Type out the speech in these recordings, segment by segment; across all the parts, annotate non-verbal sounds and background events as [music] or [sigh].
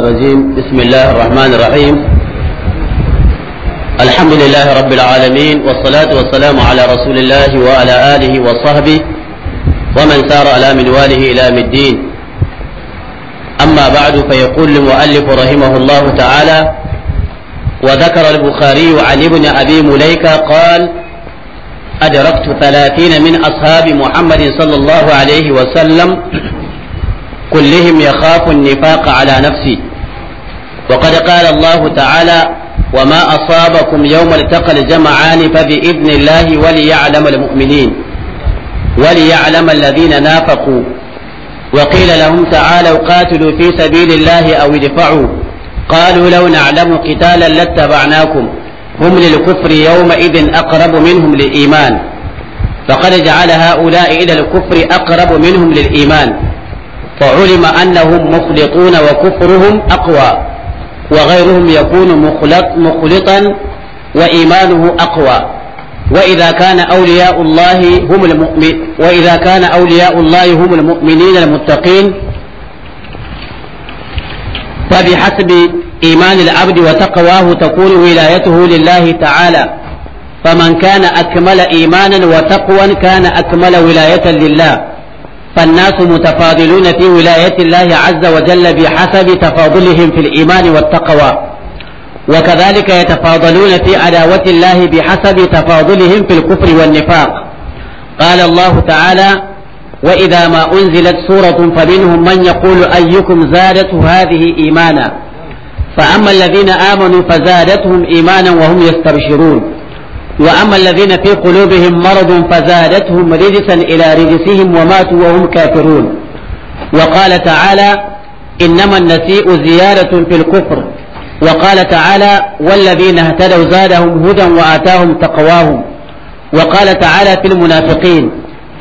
الرجيم بسم الله الرحمن الرحيم الحمد لله رب العالمين والصلاة والسلام على رسول الله وعلى آله وصحبه ومن سار على منواله إلى من الدين أما بعد فيقول المؤلف رحمه الله تعالى وذكر البخاري عن ابن أبي مليكة قال أدركت ثلاثين من أصحاب محمد صلى الله عليه وسلم كلهم يخاف النفاق على نفسي وقد قال الله تعالى وما أصابكم يوم التقى الجمعان فبإذن الله وليعلم المؤمنين وليعلم الذين نافقوا وقيل لهم تعالوا قاتلوا في سبيل الله أو ادفعوا قالوا لو نعلم قتالا لاتبعناكم هم للكفر يومئذ أقرب منهم للإيمان فقد جعل هؤلاء إلى الكفر أقرب منهم للإيمان فعلم أنهم مخلطون وكفرهم أقوى وغيرهم يكون مخلط مخلطا وإيمانه أقوى وإذا كان أولياء الله هم المؤمن وإذا كان أولياء الله هم المؤمنين المتقين فبحسب إيمان العبد وتقواه تكون ولايته لله تعالى فمن كان أكمل إيمانا وتقوى كان أكمل ولاية لله فالناس متفاضلون في ولاية الله عز وجل بحسب تفاضلهم في الإيمان والتقوى وكذلك يتفاضلون في عداوة الله بحسب تفاضلهم في الكفر والنفاق قال الله تعالى وإذا ما أنزلت سورة فمنهم من يقول أيكم زادته هذه إيمانا فأما الذين آمنوا فزادتهم إيمانا وهم يستبشرون وأما الذين في قلوبهم مرض فزادتهم رجسا إلى رجسهم وماتوا وهم كافرون وقال تعالى إنما النسيء زيادة في الكفر وقال تعالى والذين اهتدوا زادهم هدى وآتاهم تقواهم وقال تعالى في المنافقين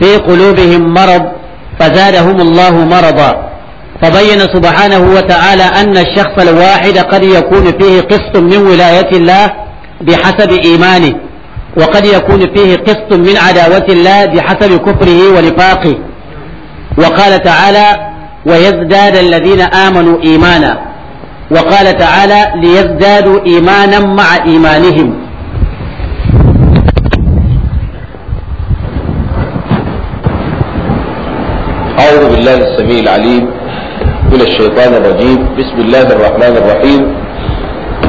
في قلوبهم مرض فزادهم الله مرضا فبين سبحانه وتعالى أن الشخص الواحد قد يكون فيه قسط من ولاية الله بحسب إيمانه وقد يكون فيه قسط من عداوة الله بحسب كفره ونفاقه وقال تعالى ويزداد الذين آمنوا إيمانا وقال تعالى ليزدادوا إيمانا مع إيمانهم أعوذ بالله السميع العليم من الشيطان الرجيم بسم الله الرحمن الرحيم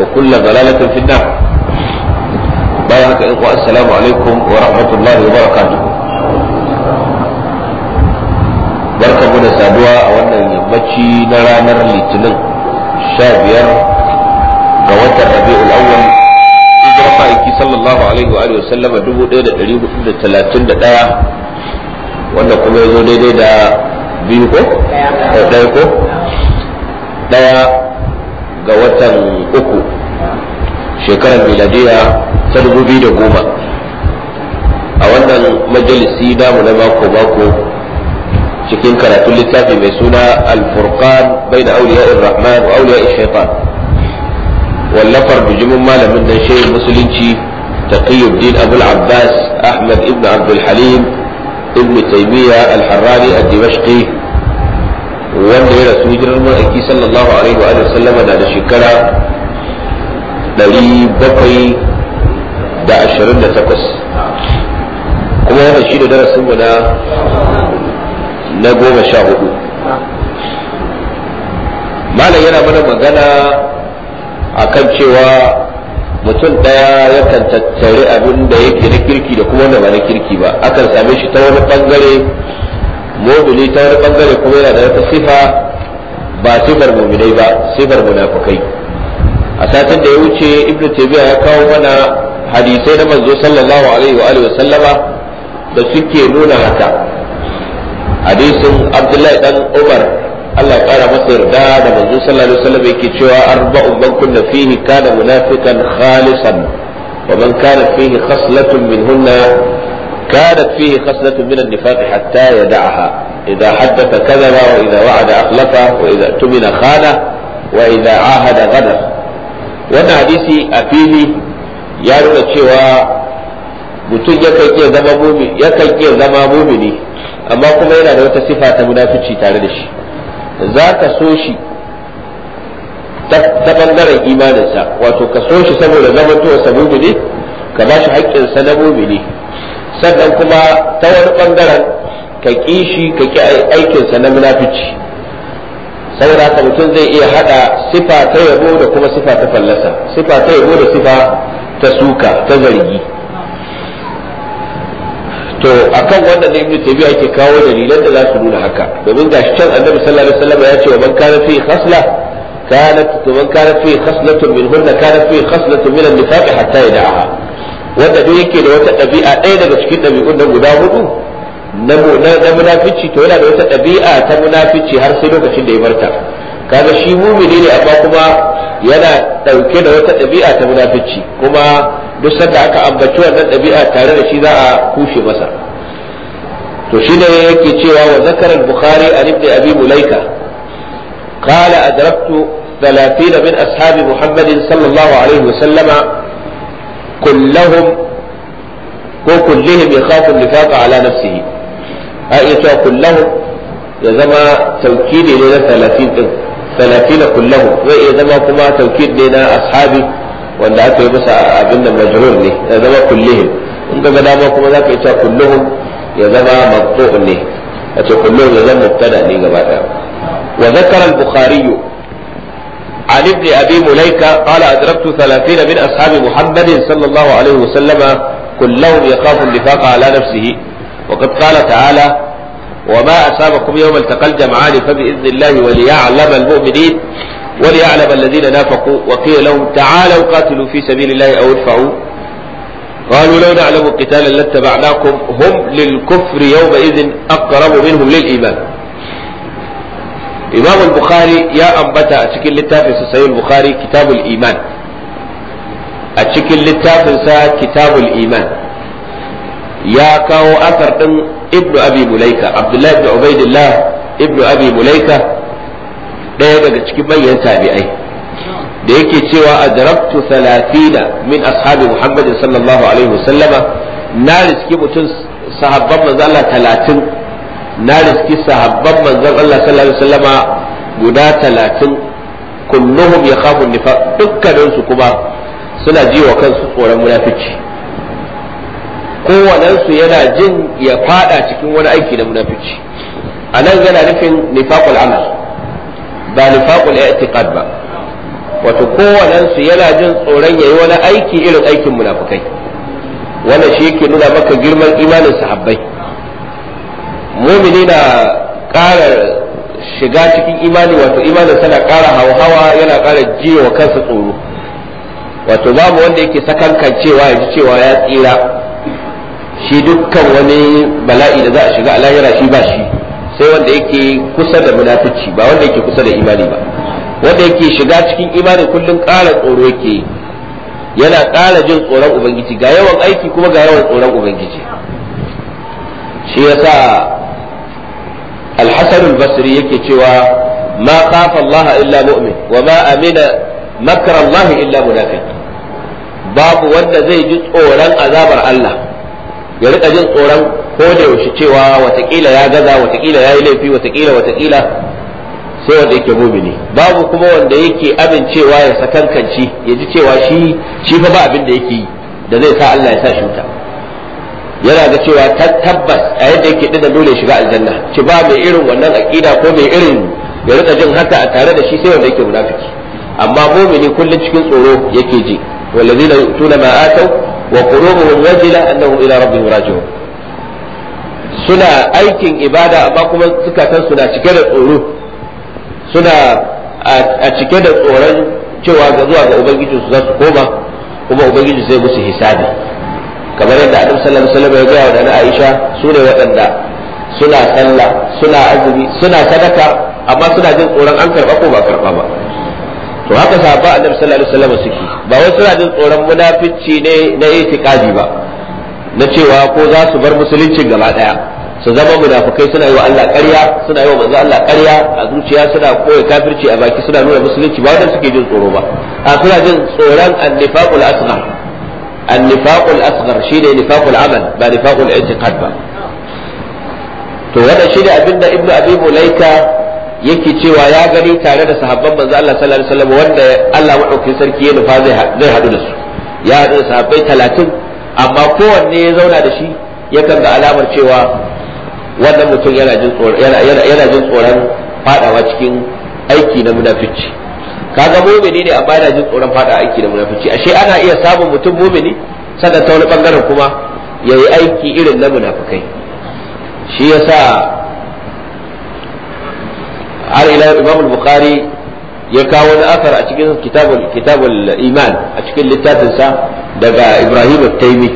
وكل ضلالة في النار بارك إخوة السلام عليكم ورحمة الله وبركاته barka mu da saduwa a wannan yammaci na ranar litinin sha biyar ga watan rabi'ul awwal hijirar ma'aiki sallallahu alaihi wa sallama dubu daidai da biyu ga watan uku shekarar miladiya ta dubu biyu da goma a wannan majalisi damu na mako mako cikin karatun littafi mai suna alfurqan bai da auliya rahman wa auliya shaitan wallafar bijimin malamin da shehin musulunci taqiyuddin abul abbas ahmad ibn abdul halim ibn taymiya al-harrani ad-dimashqi wanda ya rasu hijirar mulki sallallahu alaihi wa sallam na da shekara 728 kuma wannan shi da darasin mu na na goma sha hudu malam yana mana magana a kan cewa mutum ɗaya yakan tattare abin da yake na kirki da kuma wanda ba na kirki ba akan same shi ta wani bangare mumini ta wani bangare kuma yana da wata sifa ba sifar muminai ba sifar munafukai a satin da ya wuce ibnu taymiya ya kawo mana hadisai na manzo sallallahu alaihi wa alihi sallama da suke nuna haka hadisin abdullahi dan umar Allah ya kara masa yarda da manzo sallallahu alaihi wasallam yake cewa arba'un man kunna fihi kana munafiqan khalisan wa man kana fihi khaslatun minhunna كانت فيه خصلة من النفاق حتى يدعها إذا حدث كذب وإذا وعد أخلف وإذا اؤتمن خانه وإذا عاهد غدر wannan hadisi a fili ya nuna cewa mutum yakan iya zama mumi zama mumini amma kuma yana da wata sifa ta munafici tare da shi za ka so shi ta bangaren imaninsa wato ka so shi saboda zamantowa sa mumini ka ba shi haƙƙinsa na mumini sannan kuma ta wani ɓangaren ka ƙi shi ka ƙi aikinsa na munafici saboda haka mutum zai iya haɗa sifa ta yabo da kuma sifa ta fallasa sifa ta yabo da sifa ta suka ta zargi to akan wannan ibnu tabi yake kawo dalilan da za su nuna haka domin gashi can annabi sallallahu alaihi wasallam ya ce wa man kana fi khasla كانت ومن كانت فيه خصلة منهن كانت فيه خصلة من النفاق حتى يدعها wanda duk yake da wata ɗabi'a ɗaya daga cikin ɗabi'un da guda hudu na munafici to yana da wata ɗabi'a ta munafici har sai lokacin da ya barta kaga shi mumini ne amma kuma yana ɗauke da wata ɗabi'a ta munafici kuma duk sanda aka ambaci wannan ɗabi'a tare da shi za a kushe masa to shi ne yake cewa wa zakara al-bukhari an ibn abi mulaika qala adraktu 30 min ashabi muhammadin sallallahu alaihi wa sallama kullahum ko kullihim yakhafu nifaqa ala nafsihi a iya cewa kullahum ya zama taukidi ne na talatin din talatin kullahum zai iya zama kuma taukid ne na ashabi wanda aka yi masa abin da majrur ne ya zama kullihim in ka ga dama kuma za ka iya cewa kullahum ya zama maqtu'un ne a ce kullahum ya zama mubtada ne gaba daya wa zakara al-bukhari عن ابن أبي مليكة قال أدركت ثلاثين من أصحاب محمد صلى الله عليه وسلم كلهم يخاف النفاق على نفسه وقد قال تعالى وما أصابكم يوم التقى الجمعان فبإذن الله وليعلم المؤمنين وليعلم الذين نافقوا وقيل لهم تعالوا قاتلوا في سبيل الله أو ادفعوا قالوا لو نعلم قتالا لاتبعناكم هم للكفر يومئذ أقرب منهم للإيمان imam al-bukhari ya ambata a cikin littafin sa sahih bukhari kitabul iman a cikin littafin sa kitabul iman ya kawo asar din ibnu abi mulaika abdullahi ibn ubaidillah ibnu abi mulaika daya daga cikin manyan tabi'ai da yake cewa adrabtu 30 min ashabi muhammadin sallallahu alaihi wasallama na riski mutum sahabban manzo Allah 30 na riski sahabban manzon Allah sallallahu alaihi wasallama guda talatin kulluhum ya nifaq dukkanin dukkaninsu kuma suna ji wa kansu tsoron munafici kowanensu yana jin ya fada cikin wani aiki na munafici a nan yana nufin nifaqul amal ba nifaqul i'tiqad ba wato kowanensu yana jin tsoron yayi wani aiki irin aikin munafikai wannan shi yake nuna maka girman imanin sahabbai mumini na kara shiga cikin imani wato imanin sana kara hauhawa yana kara jiwa wa kansa tsoro wato babu wanda yake sakankan cewa ya ji cewa ya tsira shi dukkan wani bala'i da za a shiga alayyara shi ba shi sai wanda yake kusa da munafici ba wanda yake kusa da imani ba wanda yake shiga cikin imani kullum kara tsoro yake yana kara jin tsoron ubangiji ga yawan aiki kuma ga yawan tsoron ubangiji shi yasa al-hasan al-basri yake cewa ma qafa Allah illa mu'min wa ma amina makra Allah illa munafiq babu wanda zai ji tsoron azabar Allah ya rika jin tsoron koda yaushe cewa watakila ya gaza watakila ya yi laifi watakila sai wanda yake mumini babu kuma wanda yake amincewa ya sakankanci ya ji cewa shi shi fa ba abinda da yake yi da zai sa Allah ya sa shi wuta yana da cewa ta tabbas a yadda yake dina dole shiga aljanna ci ba mai irin wannan aqida ko mai irin ya rika jin haka a tare da shi sai wanda yake munafiki amma mu'mini kullun cikin tsoro yake ji tuna ma ما wa qulubuhum wajila أنهم ila rabbihim raji'un suna aikin ibada amma kuma zukatan suna cike da tsoro suna a cike da tsoron cewa ga zuwa ga ubangiji za su koma kuma ubangiji zai musu hisabi kamar yadda annabi sallallahu alaihi wasallam ya gaya wa Aisha su ne waɗanda suna sallah suna azumi suna sadaka amma suna jin tsoron an karɓa ko ba karɓa ba to haka sahabba annabi sallallahu alaihi wasallam suke ba wai suna jin tsoron munafici ne na itikadi ba na cewa ko za su bar musuluncin gaba daya su zama munafukai suna yi wa Allah ƙarya suna yi wa manzo Allah ƙarya a zuciya suna koya kafirci a baki suna nuna musulunci ba wanda suke jin tsoro ba a suna jin tsoron annifaqul asghar annifaqul asghar shine nifaqul amal ba nifaqul i'tiqad ba to wannan abin da ibnu abi mulaika yake cewa ya gani tare da sahabban manzo Allah sallallahu wanda Allah madaukakin sarki ya nufa zai haɗu da su ya haɗu da sahabbai talatin amma kowanne ya zauna da shi yakan ga alamar cewa wannan mutum yana jin tsoron faɗawa cikin aiki na munafici kaga mumini ne amma yana jin tsoron fada aiki da munafici ashe ana iya samun mutum mumini sannan ta wani bangaren kuma ya yi aiki irin na munafikai shi yasa har ila imam bukhari ya kawo wani asar a cikin kitabul iman a cikin littafinsa daga ibrahim taimi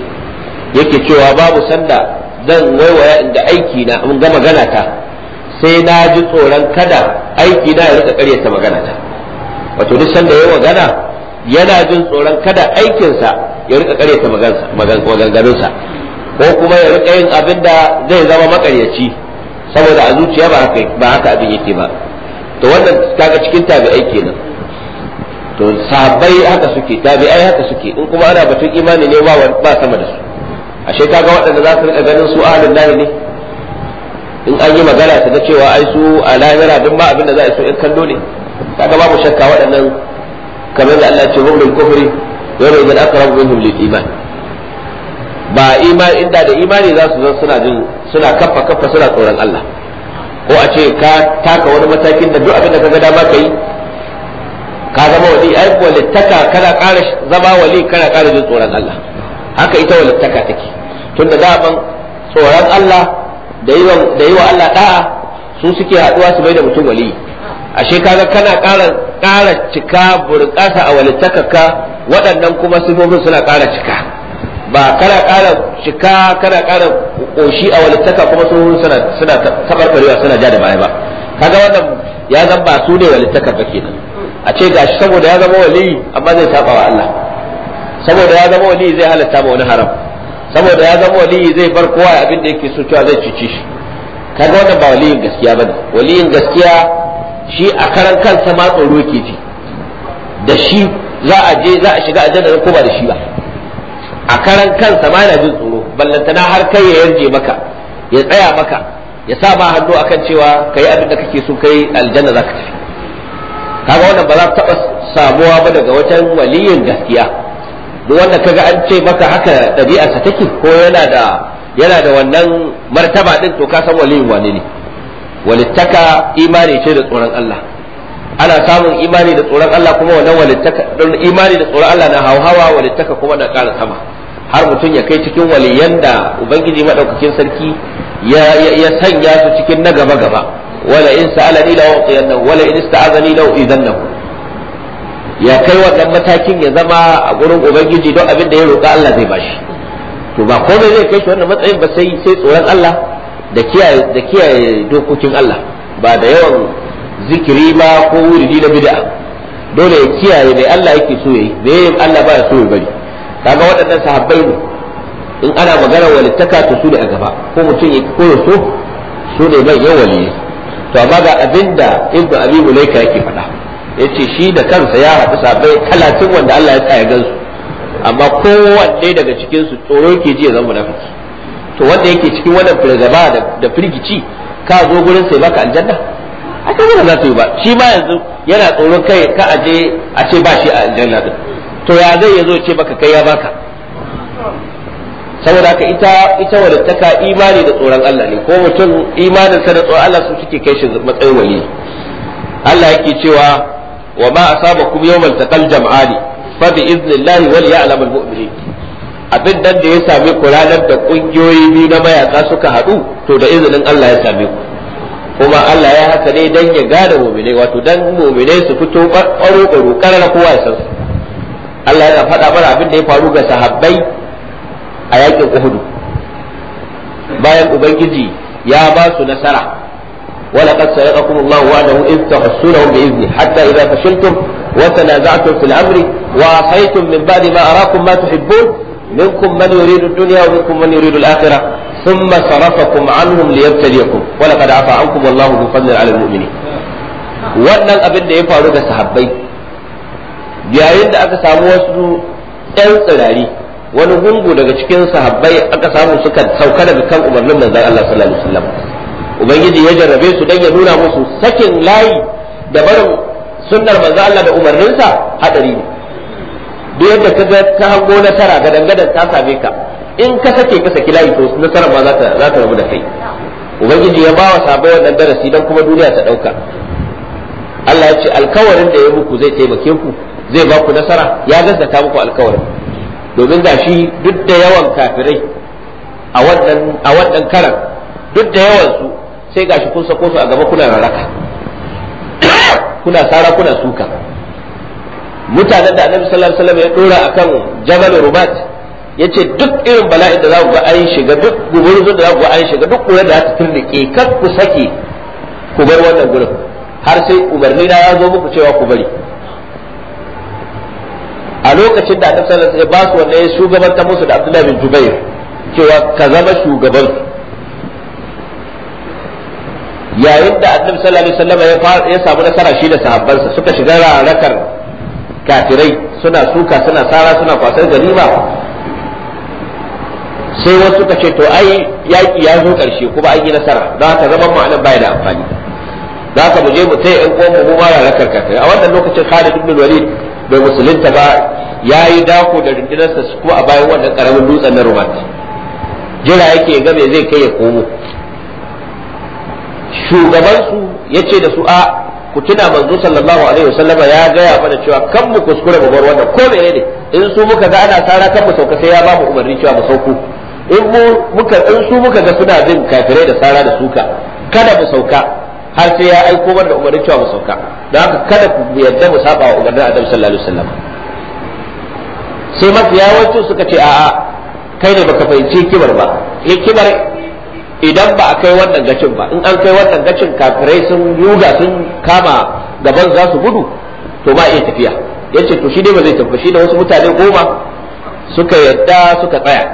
yake cewa babu sanda zan waiwaya inda aiki na in ga magana sai na ji tsoron kada aiki na ya rika karyata magana ta wato duk sanda ya magana yana jin tsoron kada aikinsa ya rika karyata maganganunsa ko kuma ya rika yin abin da zai zama makaryaci saboda a zuciya ba haka ba haka abin yake ba to wannan kaga cikin tabi'ai kenan to sabai haka suke tabi'ai haka suke in kuma ana batun imani ne ba ba sama da su ashe kaga waɗanda za su rika ganin su ahlul lahi ne in an yi magana ta cewa ai su a lahira duk ma abin da za a so in kallo ne kaga babu shakka waɗannan kamar da Allah ya ce hum lil kufri wa la idan aqrab minhum lil iman ba imani inda da imani za su zan suna jin suna kafa kafa suna tsoron Allah ko a ce ka taka wani matakin da duk abin da kaga dama kai ka zama wali ai walittaka kana ƙara zama wali kana ƙara jin tsoron Allah haka ita walittaka take tunda daman tsoron Allah da yi wa Allah da'a su suke haɗuwa su bai da mutum wali ashe kaga kana ƙara ƙara cika burƙasa a walittakaka waɗannan kuma sifofin suna ƙara cika ba kana ƙara cika kana ƙara ƙoshi a walittaka kuma sifofin suna suna tabarbarewa suna ja da baya ba kaga wannan ya zan ba su ne walittaka ba kenan a ce gashi saboda ya zama wali amma zai saba wa Allah saboda ya zama wali zai halatta ma wani haram saboda ya zama wali zai bar kowa abin da yake so cewa zai cici shi kaga wannan ba waliyin gaskiya bane waliyin gaskiya shi a karan kansa ma tsoro ke ji da shi za a je za a shiga aljanna ko ba da shi ba a karan kansa ma yana jin tsoro ballantana har kai ya yarje maka ya tsaya maka ya sa ma hannu akan cewa kai abin da kake so kai aljanna za ka tafi kaga wannan ba za ta taba samuwa ba daga wajen waliyin gaskiya duk wanda kaga an ce maka haka dabi'arsa take ko yana da yana da wannan martaba din to ka san waliyin wane ne walittaka imani ce da tsoron Allah ana samun imani da tsoron Allah kuma wannan walittaka imani da tsoron Allah na hauhawa walittaka kuma na ƙara sama har mutum ya kai cikin waliyan da ubangiji madaukakin sarki ya sanya su cikin na gaba gaba wala in sa'alani la u'tiyannahu wala in ista'azani la u'idannahu ya kai wannan matakin ya zama a gurin ubangiji don abin da ya roƙa Allah zai bashi to ba komai zai kai shi wannan matsayin ba sai sai tsoron Allah da kiyaye dokokin Allah ba da yawan zikiri ba ko wuridi na bid'a dole ya kiyaye mai Allah yake so yayi mai Allah ba ya so ya bari kaga waɗannan sahabbai ne in ana magana walittaka to su ne a gaba ko mutum ya koyo so su ne mai ne. to amma ga abinda ibnu abi mulaika yake faɗa yace shi da kansa ya haɗu sahabbai talatin wanda Allah ya tsaya gansu amma kowanne daga cikin su tsoro ke ji ya zama munafiki to wanda yake cikin wannan firgaba da firgici ka zo gurin sai baka aljanna a kan wannan za ta yi ba shi ma yanzu yana tsoron kai ka aje a ce ba shi a aljanna din to ya zai yazo ce baka kai ya baka saboda haka ita ita ka imani da tsoron Allah ne ko mutum imanin sa da tsoron Allah su suke kai shi matsayin wali Allah yake cewa wa ma asabakum yawmal taqal jam'ani fa bi idnillahi wal ya'lamul mu'minin abin nan da ya sami ku ranar da kungiyoyi biyu na mayaka suka haɗu to da izinin Allah ya sami ku kuma Allah ya haka ne dan ya gane mumine, wato dan mu'minai su fito ƙwaro ƙwaro ƙarar kowa ya san Allah yana faɗa mana abin da ya faru ga sahabbai a yakin Uhudu. bayan ubangiji ya ba su nasara ولقد سرقكم الله وعده إذ تحسونه بإذنه حتى إذا فشلتم وتنازعتم في الأمر وعصيتم من بعد ما أراكم ما تحبون minkum man yuridu dunya wa minkum man yuridu al-akhirah thumma sarafakum anhum liyabtaliyakum wa laqad afa ankum wallahu bi fadlin 'ala al-mu'minin wannan abin da ya faru da sahabbai yayin da aka samu wasu ɗan tsirari wani hungu daga cikin sahabbai aka samu suka sauka daga kan umarnin manzon Allah sallallahu alaihi wasallam ubangiji ya jarrabe su dan ya nuna musu sakin layi da barin sunnar manzo Allah da umarninsa hadari ne duk yadda ka ga ka hango nasara ga dangadan ta same ka in ka sake ka saki layi to nasarar ma za ta za ta rabu da kai ubangiji ya ba wa sabai wannan darasi dan kuma duniya ta dauka Allah ya ce alkawarin da ya muku zai taimake ku zai ba ku nasara ya gaskata muku alkawarin domin da shi duk da yawan kafirai a wannan a wannan karan duk da yawan su sai gashi kun sako su a gaba kuna raraka [coughs] kuna sara kuna suka mutanen da annabi sallallahu alaihi wasallam ya dora akan jabal rubat yace duk irin bala'in da za ku ga an shiga duk guburzun da za ku ga an shiga duk kurar da za ta turnike kar ku sake ku bar wannan gurin har sai umarni na ya zo muku cewa ku bari a lokacin da annabi sallallahu alaihi wasallam ya ba su wannan shugaban ta musu da Abdullahi bin Jubair cewa ka zama shugaban yayin da annabi sallallahu alaihi wasallam ya samu nasara shi da sahabbansa suka shiga rakar kafirai suna suka suna sara suna kwasar ganima sai wasu ka ce to ai yaƙi ya zo ƙarshe kuma an yi nasara za ka zama mu bai baya da amfani za ka muje mu taya ƴan uwan mu ma rarakar kafirai a wannan lokacin Khalid ibn Walid bai musulunta ba yayi dako da sa su ko a bayan wannan karamin dutsen na Rumat jira yake ga me zai kai ya komo shugabansu ya ce da su a ku tuna manzo sallallahu alaihi wasallam ya gaya mana cewa kan mu kuskure mu bar wannan ko menene ne in su muka ga ana tsara kan mu sauka sai ya ba mu umarni cewa mu sauku in mu muka in su muka ga suna bin kafire da tsara da suka kada mu sauka har sai ya aiko mana umarni cewa mu sauka dan haka kada ku yadda mu saba wa umarnin annabi sallallahu alaihi wasallam sai mafiya wasu suka ce a'a kai ne baka fahimci kibar ba kibar idan ba a kai wannan gacin ba in an kai wannan gacin kafirai sun yuga sun kama gaban za su gudu to ba iya tafiya yace to shi dai ba zai tafi shi da wasu mutane goma suka yadda suka tsaya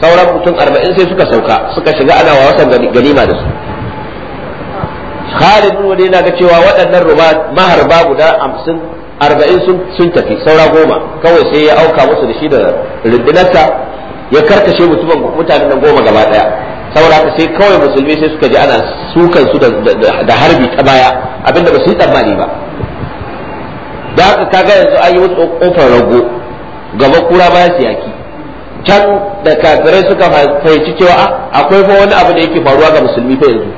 sauran mutum arba'in sai suka sauka suka shiga ana wasan ganima da su Khalid bin Walid ga cewa waɗannan rubat maharba guda 50 arba'in sun tafi saura goma kawai sai ya auka musu da shi da rundunarsa ya karkashe mutumin mutanen goma gaba daya saboda haka sai kawai musulmi sai suka ji ana sukan su da harbi ta baya abinda ba su yi tsammani ba da haka ka ga yanzu an yi wasu kofar rago gaba kura baya yaki can da kafirai suka fahimci cewa ah, akwai fa wani abu da yake faruwa ga musulmi fa yanzu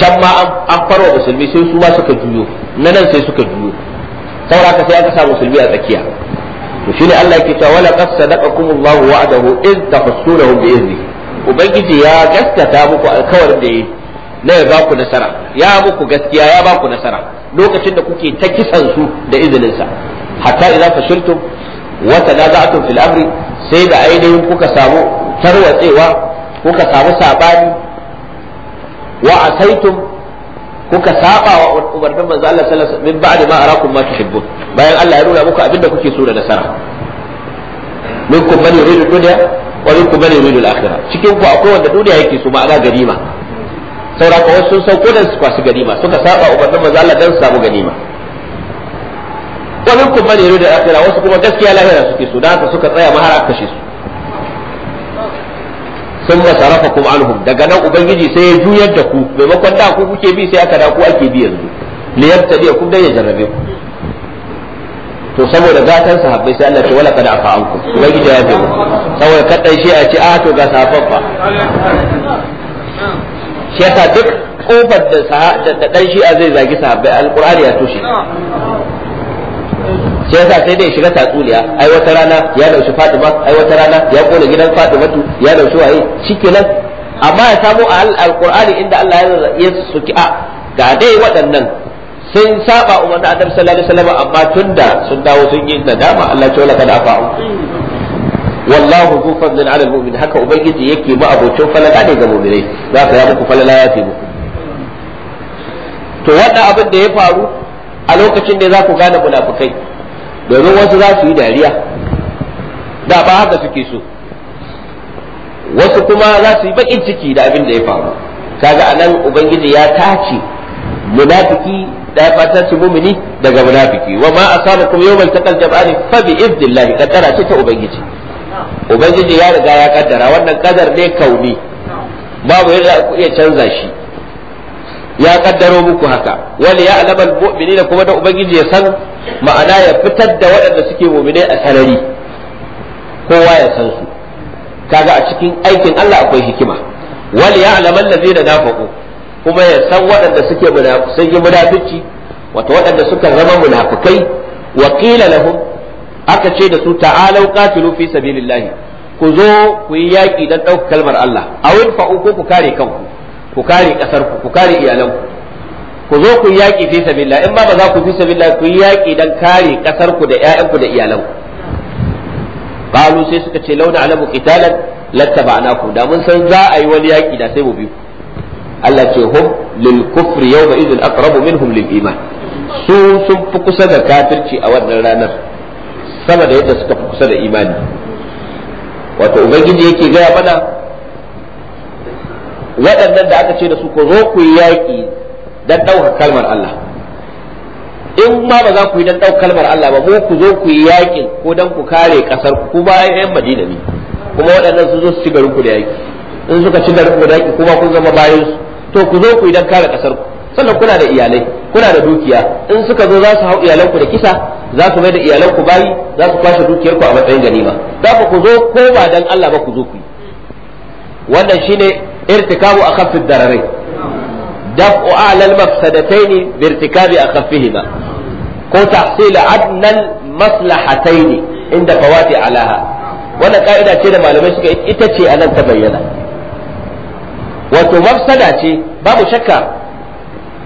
can ma an farwa musulmi sai su ma suka juyo na nan sai suka juyo saboda ka sai aka sa musulmi a tsakiya to shine Allah yake cewa wala qad sadaqakum Allahu wa'adahu iz tafassuna bi ubangiji ya gaskata muku alkawarin da yi na ya baku nasara ya muku gaskiya ya baku nasara lokacin da kuke ta kisan su da izinin sa hatta idza fashiltum wa tanaza'tum fil amri sai da ainihin kuka samu tarwatsewa kuka samu sabani wa asaitum kuka saba wa umarnin manzo Allah sallallahu alaihi wasallam min ba'di ma arakum ma tuhibbun bayan Allah ya nuna muku abinda kuke so da nasara minkum man yuridu dunya wa minkum man yuridu al-akhirah cikin ku akwai wanda duniya yake so ma'ana ganima saura ko wasu sun sauko da su kwasu ganima suka saba ubannin manzo Allah dan su samu ganima wa minkum man yuridu al-akhirah wasu kuma gaskiya lahira suke so dan suka tsaya mahara kashe su sun sarafa kuma anhum daga nan ubangiji sai ya juyar da ku maimakon da ku kuke bi sai aka da ku ake bi yanzu liyabtadiya kun dai ya jarrabe ku to saboda gatan sahabbai sai Allah ya ce wala kada afa anku ubangi ya bi saboda kadan shi a ce a ah, to ga sahabban fa shi yasa duk kofar da da dan shi a zai zagi sahabbai alqur'ani ya toshe shi yasa sai dai shiga tatsuniya ai wata rana ya dauki Fatima ai wata rana ya kona gidan to ya dauki waye shikenan amma ya samu alqur'ani inda Allah ya suki a ga dai waɗannan sun saba umarni Adam sallallahu alaihi wasallam amma tunda sun dawo sun yi nadama Allah ta laka da afa'u wallahu zu fadlan ala almu'min haka ubangiji yake ba abocin falala ne ga mu'minai za ka ya muku falala ya fi muku to wannan abin da ya faru a lokacin da za ku gane munafukai domin wasu za su yi dariya da ba haka suke so wasu kuma za su yi bakin ciki da abin da ya faru kaga anan ubangiji ya tace munafiki da ya fata ci mumini daga munafiki wa ma asabakum yawmal taqal jam'ani fa bi idillahi kaddara ce ta ubangiji ubangiji ya riga ya kaddara wannan kadar ne kauni babu yadda ku iya canza shi ya kaddaro muku haka wani ya alama mu'mini kuma da ubangiji ya san ma'ana ya fitar da waɗanda suke mu'minai a sarari kowa ya san su kaga a cikin aikin Allah akwai hikima wal ya'lamal ladina nafaqu kuma ya san waɗanda suke sun yi munafici wato waɗanda suka zama munafikai wa qila lahum aka ce da su ta'alau qatilu fi sabilillahi ku zo ku yi yaƙi don ɗauka kalmar Allah a wani fa'u ko ku kare kanku ku kare ƙasarku ku kare iyalanku ku zo ku yi yaƙi fi sabilillah in ma ba za ku fi sabilillah ku yi yaƙi don kare ƙasarku da ƴaƴanku da iyalanku qalu sai suka ce launa alamu qitalan naku da mun san za a yi wani yaƙi da sai mu bi ku Allah ce hum lil kufri yawma idhin aqrabu minhum lil iman su sun fi kusa da kafirci a wannan ranar sama da yadda suka fi kusa da imani wato ubangiji yake gaya mana waɗannan da aka ce da su ko zo ku yi yaƙi don ɗaukar kalmar Allah in ma ba za ku yi don ɗaukar kalmar Allah ba mu ku zo ku yi yaƙin ko don ku kare ƙasar ku ba 'yan Madina ne kuma waɗannan su zo su ci garin ku da yaƙi in suka ci garin ku da yaƙi kuma kun zama bayan su to ku zo ku idan kare kasar ku sannan kuna da iyalai kuna da dukiya in suka zo za su hau iyalanku da kisa za su mai da iyalanku bayi za su kwashe dukiyarku a matsayin ganima za ku zo ko ba dan Allah ba ku zo ku yi wannan shine irtikabu akhaffid dararai daf'u a'la al-mafsadatayn bi irtikabi akhaffihima ko tahsil adna al-maslahatayn inda fawati alaha wannan ka'ida ce da malamai suka ita ce anan ta bayyana wato mafsada ce babu shakka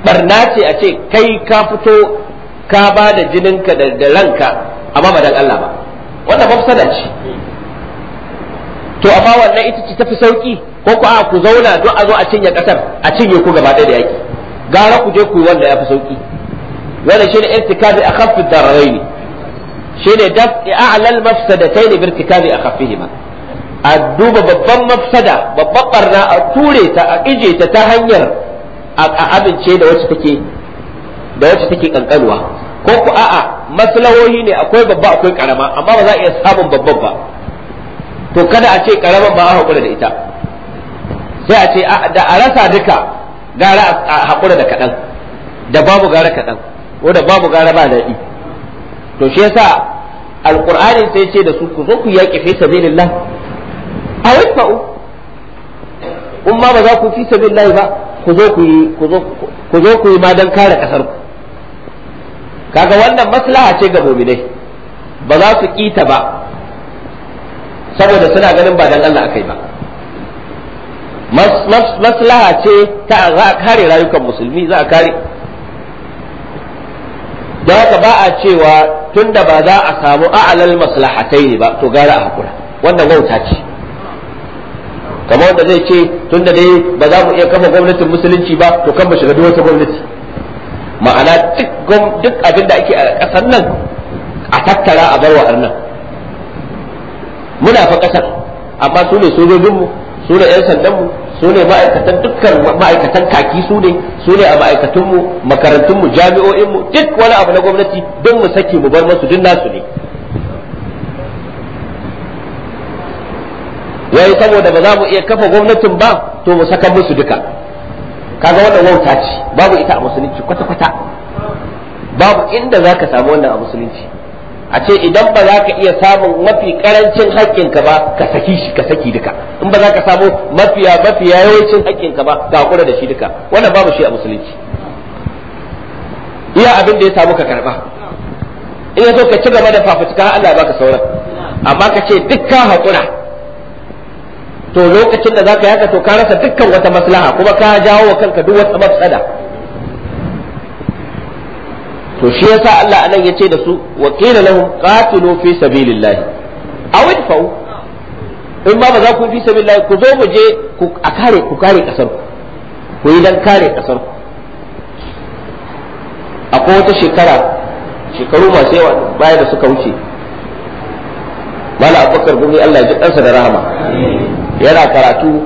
barna ce a ce kai ka fito ka ba da jininka da ranka amma ba Allah ba wannan mafsada ce to amma wannan ita ce tafi sauki ko ku a ku zauna don a zo a cinye kasar a cinye ku gaba da yaki gara ku je ku yi wanda ya fi sauki wannan shine irtikabi akhaffi dararaini shine daf a'lal mafsadataini birtikabi a akhaffihima a duba babban mafsada babban barna a ture ta a ije ta ta hanyar a amince da wacce take da wacce take kankanuwa ko ku a'a maslahohi ne akwai babba akwai karama amma ba za a iya samun babban ba to kada a ce karaman ba a hakura da ita sai a ce da a rasa duka gara a hakura da kaɗan da babu gara kaɗan ko da babu gara ba daɗi to shi yasa alqur'ani sai ce da su ku zo ku yaƙi fi sabilillah a yasma'u in ma ba za ku fi sabilillahi ba ku zo ku yi ku zo ku yi ma dan kare kasar ku kaga wannan maslaha ce ga mu'minai ba za su kita ba saboda suna ganin ba dan Allah akai ba maslaha ce ta za a kare rayukan musulmi za a kare da haka ba a cewa tunda ba za a samu a'lal maslahatai ne ba to gara a hakura wannan wauta ce kamar wanda zai ce tun tunda dai ba za mu iya kafa gwamnatin musulunci ba to kan ba shiga duk wata gwamnati ma'ana duk abin da ake a kasar nan a tattara a barwa nan muna fa ƙasar amma su ne sojojinmu su ne 'yan sandanmu su ne ma'aikatan dukkan ma'aikatan kaki su ne su ne a ma'aikatunmu makarantunmu jami'o'inmu duk wani abu na gwamnati don mu sake mu bar masu duk nasu ne wai saboda ba za mu iya kafa gwamnatin ba to mu saka musu duka kaga wannan wauta ce babu ita a musulunci kwata kwata babu inda za ka samu wannan a musulunci a ce idan ba za ka iya samun mafi karancin haƙƙinka ba ka saki shi ka saki duka in ba za ka samu mafiya mafiya yawancin haƙƙinka ba ka hakura da shi duka wannan babu shi a musulunci iya abin da ya samu ka karba in ya so ka ci gaba da fafutuka Allah ya baka sauran amma ka ce duk ka hakura to lokacin da zaka yaka to ka rasa dukkan wata maslaha kuma ka jawo wa kanka duk wata matsala to shi yasa Allah anan yace da su wa qila lahum qatilu fi sabilillah aw idfa'u in ba za ku fi sabilillah ku zo mu je ku a kare ku kare kasar ku ku yi dan kare kasar ku akwai wata shekara shekaru masu yawa baya da suka wuce mala abubakar gumi Allah ya ji kansa da rahama yana karatu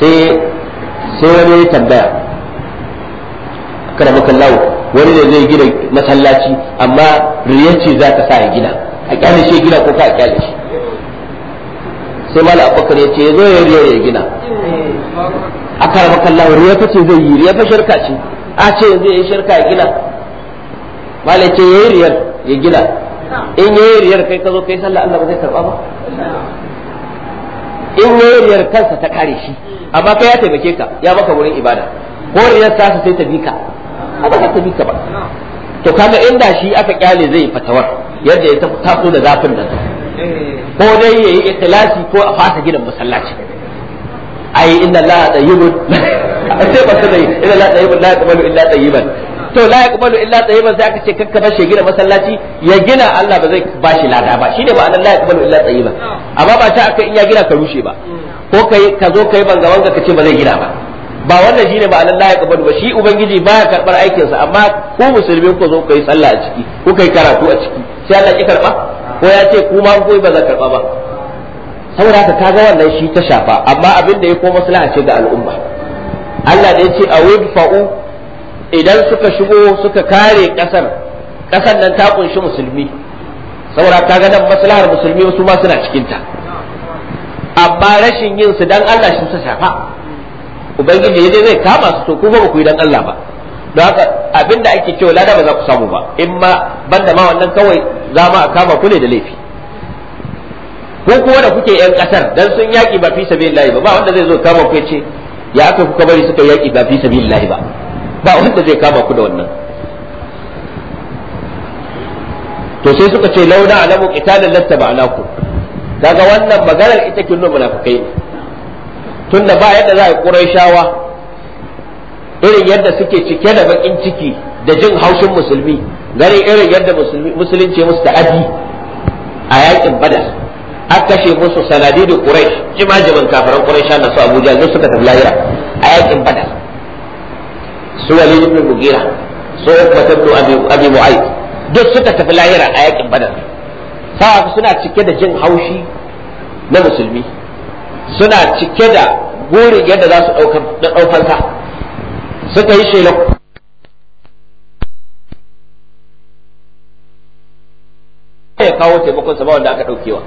sai sai wani ya tambaya karamu kallawo wani ne zai gina masallaci amma riyarci za ta sa ya gina a kyale shi gina ko ka a kyale shi sai mala abubakar ya ce ya zo ya riya ya gina a karamu kallawa riya ce zai yi riya fa shirka ce a ce yanzu ya yi shirka ya gina mala ce ya yi riyar ya gina in ya yi riyar kai ka zo kai sallah Allah ba zai karba ba in wayariyar kansa ta kare shi amma kai ya taimake ka ya maka wurin ibada ko horiyar tasa sai ta bi ka ba ta bi ka ba to kaga inda shi aka kyale zai fatawar yadda ya taso da zafin da su ko dai yayi ikhlasi ko a fasa gidan masallaci ai inna allaha tayyibun [laughs] sai ba sai inna allaha tayyibun la yaqbalu illa tayyiban to la yaqbalu illa tayyiban sai aka ce kakka bar shi gina masallaci ya gina Allah ba zai ba shi lada ba shine ba la yaqbalu illa tayyiban amma ba ta aka in ya gina ka rushe ba ko kai ka zo kai banga wanga ka ce ba zai gina ba ba wannan shine ba la yaqbalu ba shi ubangiji baya karbar aikin sa amma ku musulmi ku zo kai sallah a ciki ku kai karatu a ciki sai Allah ki karba ko ya ce ku ma ku ba za karba ba saboda haka kaga wannan shi ta shafa amma abin da ya ko maslaha ce ga al'umma Allah da ya ce a wadfa'u idan suka shigo suka kare kasar kasar nan ta kunshi musulmi saboda ga nan maslahar musulmi wasu ma suna cikin ta amma rashin yin su dan Allah shi sa shafa ubangiji yaje zai kama su to kuma ba ku yi dan Allah ba don haka abinda ake cewa lada ba za ku samu ba in ma banda ma wannan kawai za ma a kama ku ne da laifi ko kuwa da kuke yan kasar dan sun yaki ba fi sabilillahi ba ba wanda zai zo kama ku ya ce ya aka kuka bari suka yaki ba fi sabilillahi ba ba wanda zai kama ku da wannan to sai suka ce launa alamu qitalan Ka ga wannan maganar ita kinno munafukai ne tunda ba yadda za a yi ƙurashawa irin yadda suke cike da bakin ciki da jin haushin musulmi gari irin yadda musulunci musu ta'adi a yakin badar an kashe musu sanadidin quraish jimajiman kafiran quraishan da su abuja zai suka tafi lahira a yakin badar su walid ibn mugira su ukbat ibn abi mu'ayyid duk suka tafi lahira a yakin badar sawa suna cike da jin haushi na musulmi suna cike da burin yadda za su daukar sa suka yi shelar ya kawo taimakon sa ba wanda aka daukewa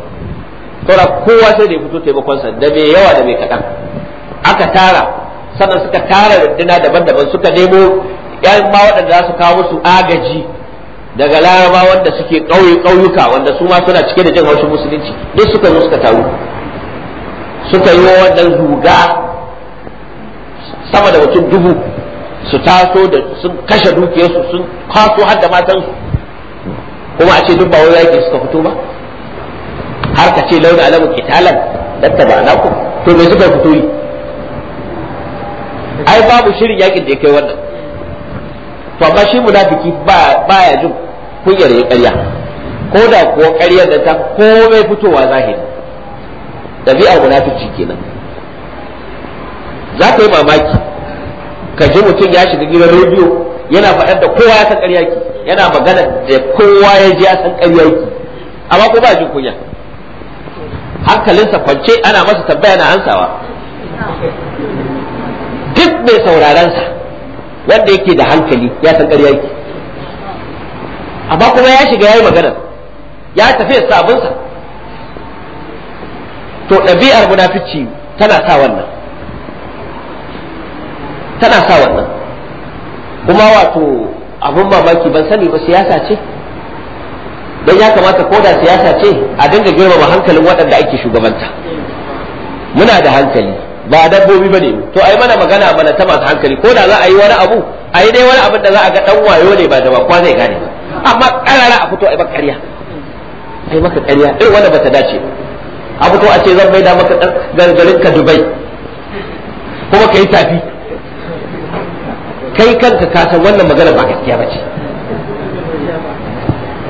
saura kowa sai da ya fito taimakon sa da mai yawa da mai kadan aka tara sannan suka tara runduna daban-daban suka nemo yan ma waɗanda za su kawo musu agaji daga laraba wanda suke ƙauyuka wanda su ma suna cike da jin haushin musulunci duk suka zo suka taru suka yi wa wannan zuga sama da mutum dubu su taso da sun kashe dukiyarsu sun kwaso har da matansu kuma a ce duk ba wani yaƙi suka fito ba har ka ce launa alamu kitalan ta ba na ku to me suka fito yi ai babu shirin yakin da ya kai wannan to amma shi munafiki ba baya jin kunyar ya ƙarya ko da kuwa ƙaryar da ta komai fitowa zahiri ɗabi'ar munafici kenan za ka yi mamaki ka ji mutum ya shiga gidan rediyo yana faɗar da kowa ya san ƙarya ki yana magana da kowa ya ji ya san ƙarya ki amma ko ba jin kunya hankalinsa kwance ana masa tambaya na ansawa duk mai sauraron sa wanda yake da hankali ya san ƙarya yake amma kuma ya shiga yayi magana ya tafi ya sabon sa to ɗabi'ar munafici tana sa wannan tana sa wannan kuma wato abun mamaki ban sani ba siyasa ce don ya kamata ko da siyasa ce a dinga girmama hankalin waɗanda ake shugabanta muna da hankali ba dabbobi bane to ai mana magana mana ta masu hankali ko da za a yi wani abu a yi dai wani abin da za a ga dan wayo ne ba da ba kwa zai gane ba amma karara a fito ai maka A ai maka ƙarya irin wanda bata dace a fito a ce zan da maka gargarin ka Dubai kuma kai tafi kai kanka ka san wannan magana ba gaskiya ba ce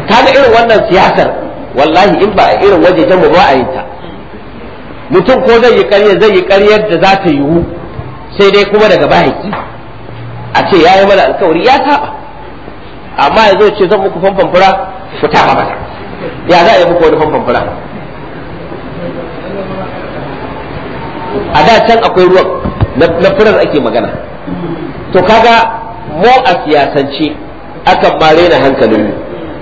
ga irin wannan siyasar wallahi in ba a irin waje mu ba a yin ta mutum ko zai yi ƙarya zai yi ƙaryar da za ta yiwu sai dai kuma daga bahaki a ce ya yi mana alkawari ya saba amma ya zo ce zan muku fanfan fura ku tafa mata ya za a yi muku wani fanfan fura a da can akwai ruwan na furar ake magana to kaga mu a siyasance akan ma na hankalin mu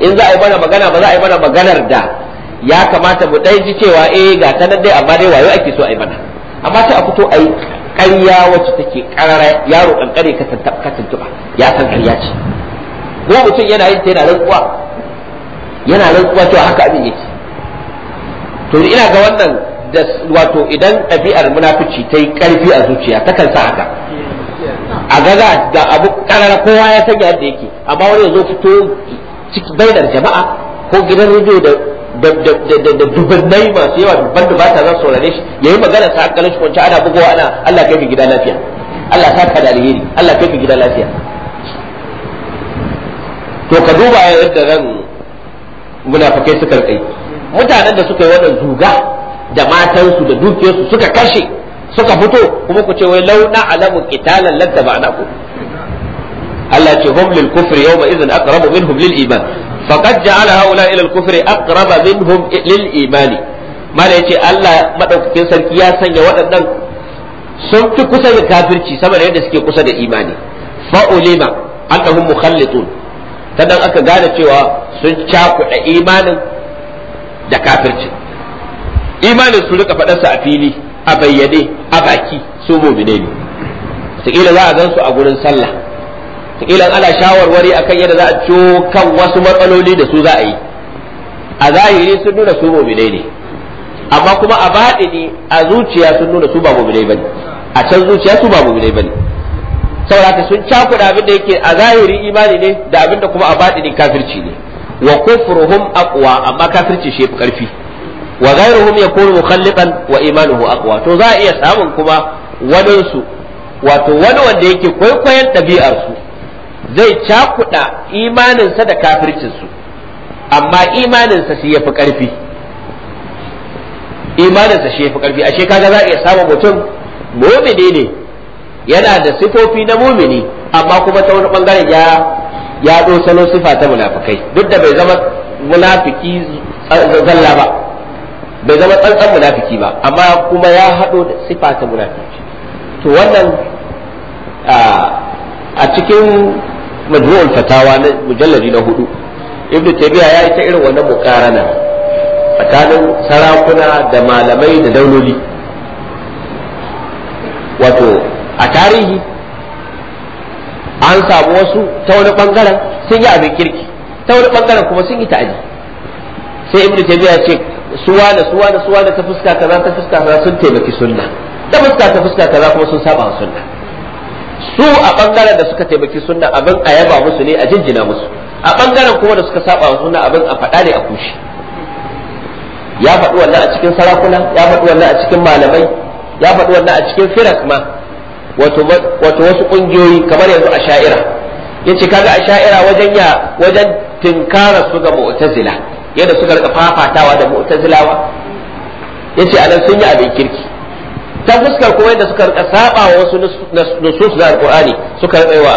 in za a yi mana magana ba za a yi mana maganar da ya kamata mu dai ji cewa eh ga ta nan dai amma dai wayo ake so a yi mana amma sai a fito a yi ƙarya wacce take ƙarara yaro ƙanƙare ka tuntuɓa ya san ƙarya ce ko mutum yana yin ta yana rantsuwa yana rantsuwa to haka abin yake to ina ga wannan da wato idan ɗabi'ar munafici ta yi ƙarfi a zuciya takan sa haka a gaza da abu ƙarara kowa ya san yadda yake amma wani ya zo fito cikin bainar jama'a ko gidan rediyo da da dubannai masu yawa dubban da ba za su saurare shi ya yi magana sa hankalin shi kwanci ana bugowa ana Allah kai ka gida lafiya Allah sa ka da alheri Allah kai ka gida lafiya to ka duba yadda ran munafikai suka kai mutanen da suka yi wannan zuga da matansu da dukiyarsu suka kashe suka fito kuma ku ce wai launa alamu qitalan ladda ba'nakum Allah ce hum lil kufri yawma idhin aqrabu minhum lil iman faqad ja'ala haula ila al kufri aqraba minhum lil iman mala yace Allah madaukakin sarki ya sanya waɗannan sun fi kusa da kafirci sama da yadda suke kusa da imani fa ulima annahum mukhallitun sannan aka gane cewa sun cakuɗa imanin da kafirci imanin su rika faɗarsa a fili a bayyane a baki su mumine ne su za a gan a gurin sallah ilan ana shawarwari akan yadda za a ciyo kan wasu matsaloli da su za a yi a zahiri sun nuna su mu'minai ne amma kuma a baɗini a zuciya sun nuna su ba mu'minai bane a can zuciya su ba mu'minai bane saboda sun cakuɗa abin da yake a zahiri imani ne da abin da kuma a baɗini kafirci ne wa kufruhum aqwa amma kafirci shi fi karfi wa ghayruhum yakunu mukhalliqan wa imanuhu aqwa to za a iya samun kuma wadansu wato wani wanda yake kwaikwayon ɗabi'ar su zai cakuɗa imaninsa da kafircinsu amma imaninsa shi ya fi ƙarfi imaninsa shi ya fi ƙarfi ashe kaga za a iya samun mutum mumini ne yana da sifofi na mumini amma kuma ta wani ɓangaren ya ya salo sifa ta munafikai duk da bai zama munafiki zalla ba bai zama tsantsan munafiki ba amma kuma ya haɗo da sifa ta munafiki to wannan ah, a cikin majmu'ul fatawa na mujalladi na hudu ibnu taymiya ya yi ta irin wannan mukarana tsakanin sarakuna da malamai da dauloli wato a tarihi an samu wasu ta wani bangaren sun yi abin kirki ta wani bangaren kuma sun yi ta'adi sai ibnu tabiya ce suwa da suwa da suwa da ta fuska kaza ta fuska kaza sun taimaki sunna ta fuska ta fuska kaza kuma sun saba sunna su a bangaren da suka taimaki sunna abin a yaba musu ne a jinjina musu a bangaren kuma da suka saba wa sunna abin a faɗa ne a kushi ya faɗi wannan a cikin sarakuna ya faɗi wannan a cikin malamai ya faɗi wannan a cikin firas ma wato wasu ƙungiyoyi kamar yanzu a sha'ira ya ce kaga a sha'ira wajen ya wajen tinkara su ga mu'tazila yadda suka rika fafatawa da mu'tazilawa ya ce nan sun yi abin kirki ta fuskar kuma yadda suka rika saba wa wasu nusus na alqur'ani suka rika wa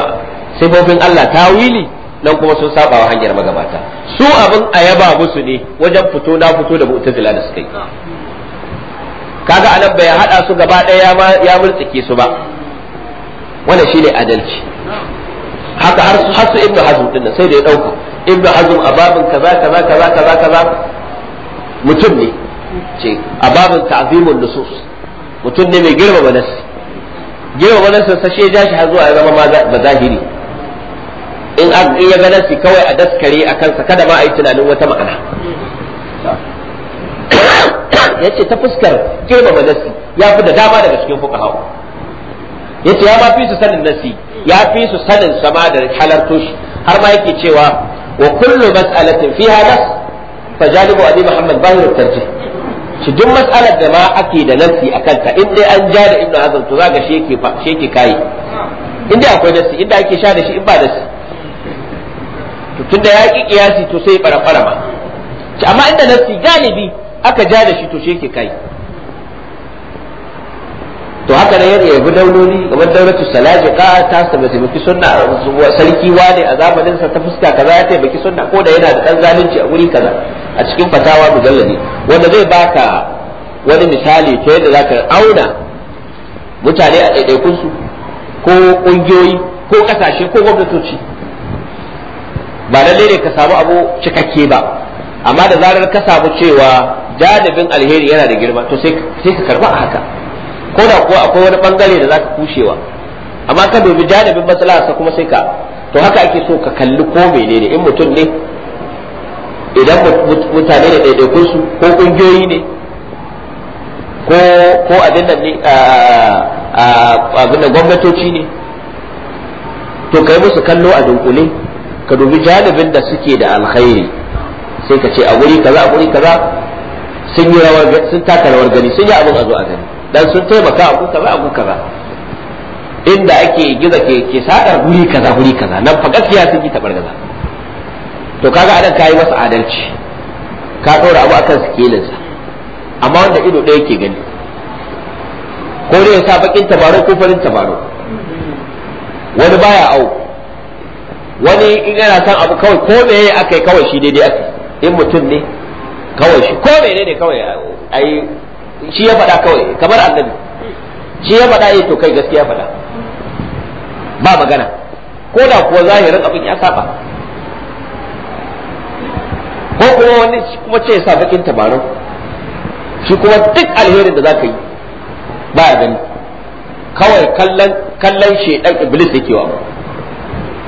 sifofin Allah tawili nan kuma sun saba wa hanyar magabata su abin a yaba musu ne wajen fito na fito da mu'tazila da suka yi kaga anan bai hada su gaba daya ya murtsike su ba wannan shine adalci haka har su hasu ibnu hazm din sai da ya dauka ibnu hazm a babin kaza kaza kaza kaza kaza mutum ne ce a babin ta'zimun nusus mutum ne mai girmama nasi girmama si sashe ja shi har zuwa ya zama ba zahiri in ya ga nasi kawai a daskare a kansa kada ma a yi tunanin wata ma'ana [coughs] ya ce ta fuskar girmama nasi ya fi da dama daga cikin fuka hau ya ce ya ma fi su sanin nasi ya fi su sanin sama da halarto shi har ma yake cewa wa kullu mas'alatin fiha nas fa jalibu muhammad bahir tarjih shi duk mas'alar da ma ake da nassi a kanta in dai an ja da ibn azam to zaka shi yake shi yake kai in dai akwai nassi inda ake sha da shi in ba shi to tunda ya ki kiyasi to sai fara fara ma amma inda nassi galibi aka ja da shi to shi yake kai to haka ne yadda yabi dauloli kamar daulatu ka ta saba taimaki sunna sarki wane a zamanin sa ta fuska kaza ya taimaki sunna ko da yana da kan zalunci a wuri kaza a cikin fatawa mujalladi wanda zai baka wani misali ta yadda za ka auna mutane a ɗaiɗaikun su ko ƙungiyoyi ko ƙasashe ko gwamnatoci ba lalle ne ka samu abu cikakke ba amma da zarar ka samu cewa jadabin alheri yana da girma to sai ka karba haka ko da kuwa akwai wani bangare da za ka kushewa amma ka dubi jadabin matsala kuma sai ka to haka ake so ka kalli ko menene in mutum ne idan mutane ne ɗaiɗaikun su ko ƙungiyoyi ne ko ko abin nan ne abin da gwamnatoci ne to kai musu kallo a dunkule ka dubi jalibin da suke da alkhairi sai ka ce a guri kaza a guri kaza sun yi rawar sun taka rawar gani sun yi abin a zo a gani dan sun taimaka a guka kaza a guka kaza inda ake giza ke ke sadar guri kaza guri kaza nan fa gaskiya sun yi tabar gaza to kaga anan kayi masa adalci ka ɗora abu akan sa, amma wanda ido ɗaya ke gani ko dai ya sa bakin tabaro ko farin tabaro wani baya au wani in yana san abu kawai ko me yayi akai kawai shi daidai aka in mutum ne kawai shi ko me ne kawai ai shi ya faɗa kawai kamar annabi shi ya faɗa yi eh, to kai gaskiya faɗa ba magana ko da kuwa zahirin abin ya saba ko kuma wani kuma ce sa bakin tabarau shi kuma duk alherin da zaka yi ya gani kawai kallon kallon shedan iblis yake wa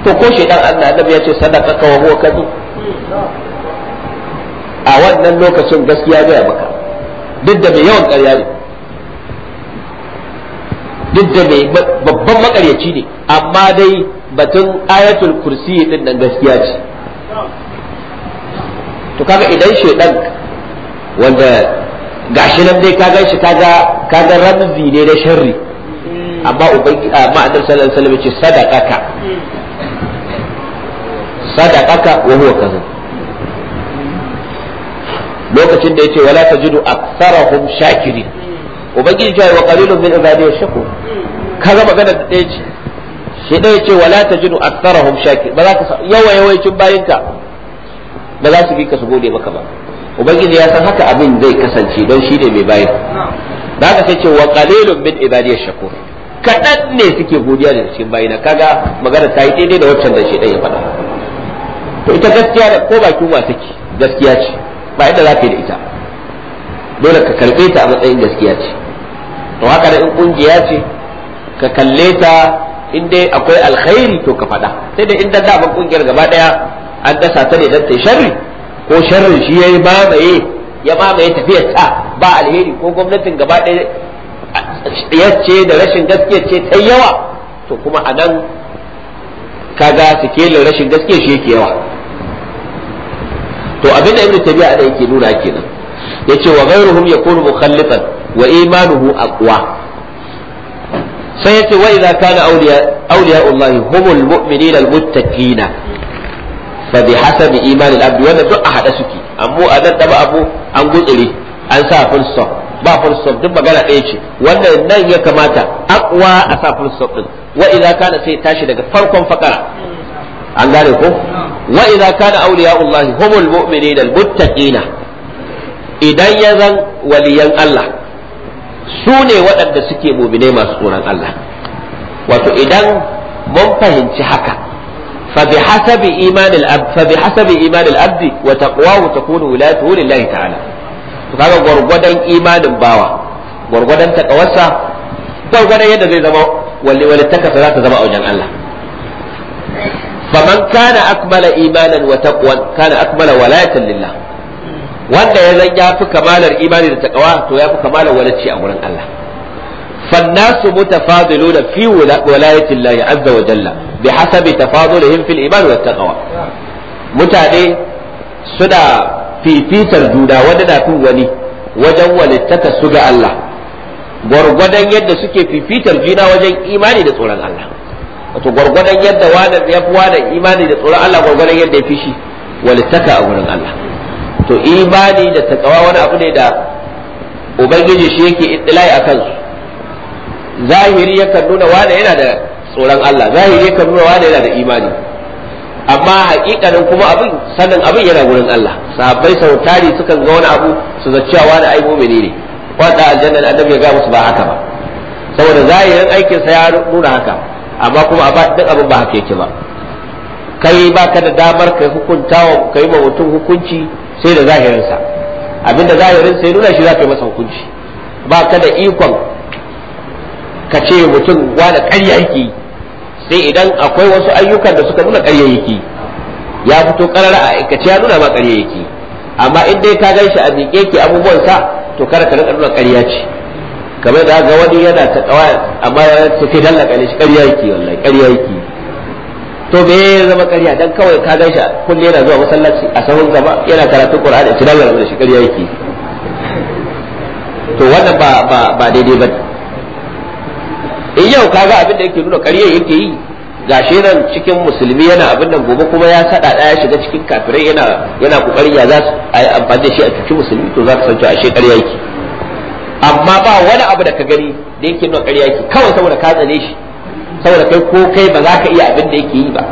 to ko shedan Allah annabi ya ce sadaka ka wa huwa kadhib a wannan lokacin gaskiya ya maka duk da mai yawan ƙarya ne duk da mai babban makaryaci ne amma dai batun ayatul kursi din nan gaskiya ce to kaga idan shedan wanda gashi nan dai kaga shi kaga kaga ramzi ne da sharri amma ubangi a ah, annabi sallallahu alaihi wasallam yace sadaqaka sadaqaka wa huwa kaza lokacin da yace wala tajidu aktharahum shakirin ubangiji ya wa qalilun min ibadi yashkur kaga magana da ɗaya ce shi ɗaya ce wala tajidu aktharahum shakirin ba za ka yawa yawancin bayinka ba za su bi ka su gode maka ba ubangiji ya san haka abin zai kasance don shi ne mai bayar da ka sai ce wa qalilun min ibadiy shakur kaɗan ne suke godiya da cikin bayina kaga magana ta yi daidai da waccan da dai ya faɗa to ita gaskiya da ko bakin wa take gaskiya ce ba yadda za ka yi da ita dole ka karɓe ta a matsayin gaskiya ce to haka da in kungiya ce ka kalle ta in akwai alkhairi to ka faɗa sai da in da ban kungiyar gaba ɗaya an dasa ta ne dan ta sharri ko sharrin shi yayi mamaye ya mamaye tafiyar ta ba alheri ko gwamnatin gaba ɗaya ce da rashin gaskiya ce ta yawa to kuma a anan kaga kelin rashin gaskiya shi yake yawa to abin da ibnu tabi'a da yake nuna kenan yace wa ghayruhum yakunu mukhallifan wa imanuhu aqwa sai yace wa idza kana awliya awliya Allah humul mu'minina almuttaqina fa bi hasabi iman al wannan duk a hada suke amma a nan daba abu an gutsire an sa fulsof ba fulsof duk magana ɗaya ce wannan nan ya kamata aqwa a sa fulsof din wa idza kana sai tashi daga farkon fakara an gane ko wa idza kana awliya'ullahi humul mu'minina al-muttaqina idan ya zan waliyan Allah su ne waɗanda suke muminai masu tsoron Allah wato idan mun fahimci haka فبحسب إيمان الأب فبحسب إيمان الأب وتقواه تكون ولايته لله تعالى kaga gwargwadon imanin bawa gwargwadon takawarsa gwargwadon yadda zai zama walli wali takasa za ta zama a wajen Allah faman kana akmala imanan wa taqwa kana akmala walayatan lillah wanda ya zan ya fi kamalar imani da takawa to ya fi kamalar walacci a wurin Allah فالناس متفاضلون في ولاية الله عز وجل بحسب تفاضلهم في الإيمان والتقوى mutane suna fifitar juna wani na fin wani wajen walittaka su ga Allah gwargwadon yadda suke fifitar juna wajen imani da tsoron Allah wato gwargwadon yadda wani ya fi wani imani da tsoron Allah gwargwadon yadda ya fi shi walittaka a gurin Allah to imani da takawa wani abu ne da ubangiji shi yake ittilai a kansu zahiri yakan nuna wane yana da tsoron Allah zahiri yakan nuna wane yana da imani amma hakikanin kuma abin sanin abin yana gurin Allah sahabbai sau tari sukan ga wani abu su zacciya wani ai mu'mini ne wanda aljanna annabi ya ga musu ba haka ba saboda zahirin aikin sa ya nuna haka amma kuma a duk abin ba haka yake ba kai ba ka da damar kai hukunta wa kai ma mutum hukunci sai da zahirinsa abinda zahirin sai nuna shi za ka yi masa hukunci ba ka da ikon ka ce mutum wani ƙarya yake sai idan akwai wasu ayyukan da suka nuna ƙarya yake ya fito ƙarar a aikace ya nuna ma ƙarya yake amma in dai ka gan shi a miƙe ke abubuwan sa to kada ka rinka nuna ƙarya ce kamar da ga wani yana ta kawa amma ya ce kai dalla ƙarya shi ƙarya yake wallahi ƙarya yake to me ya zama ƙarya dan kawai ka gan shi kullum yana zuwa masallaci a sahun gaba yana karatun Qur'ani shi dalla da shi ƙarya yake to wannan ba ba ba daidai ba in eh, yau kaga abin da yake nuna ƙarya yake yi gashi nan cikin musulmi yana abin da gobe kuma ya sada ya shiga cikin kafirai yana yana kokarin ya za su yi amfani da shi a cikin musulmi to za ka san cewa ashe ƙarya yake amma ba wani abu da ka gani da yake nuna ƙarya yake kawai saboda ka tsane shi saboda kai ko kai ba za ka iya abin da yake yi ba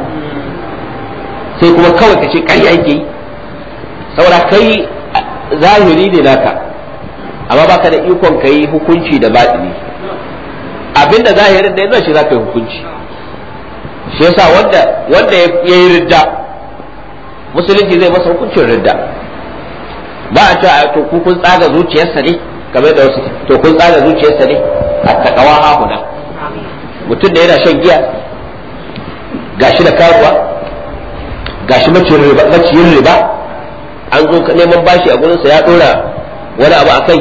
sai kuma kawai ka ce ƙarya yake yi saboda kai zahiri ne naka amma baka da ikon ka yi hukunci da batini abinda zahirin da yanzu shi za ka yi hukunci shi yasa wanda wanda ya yi ridda musulunci zai masa hukuncin ridda ba a cewa to ku kun tsaga zuciyarsa ne kamar da wasu to kun tsaga zuciyarsa ne a takawa hahuna mutum da yana shan giya gashi da karuwa gashi maciyin riba an zo neman bashi a gurinsa ya dora wani abu a kai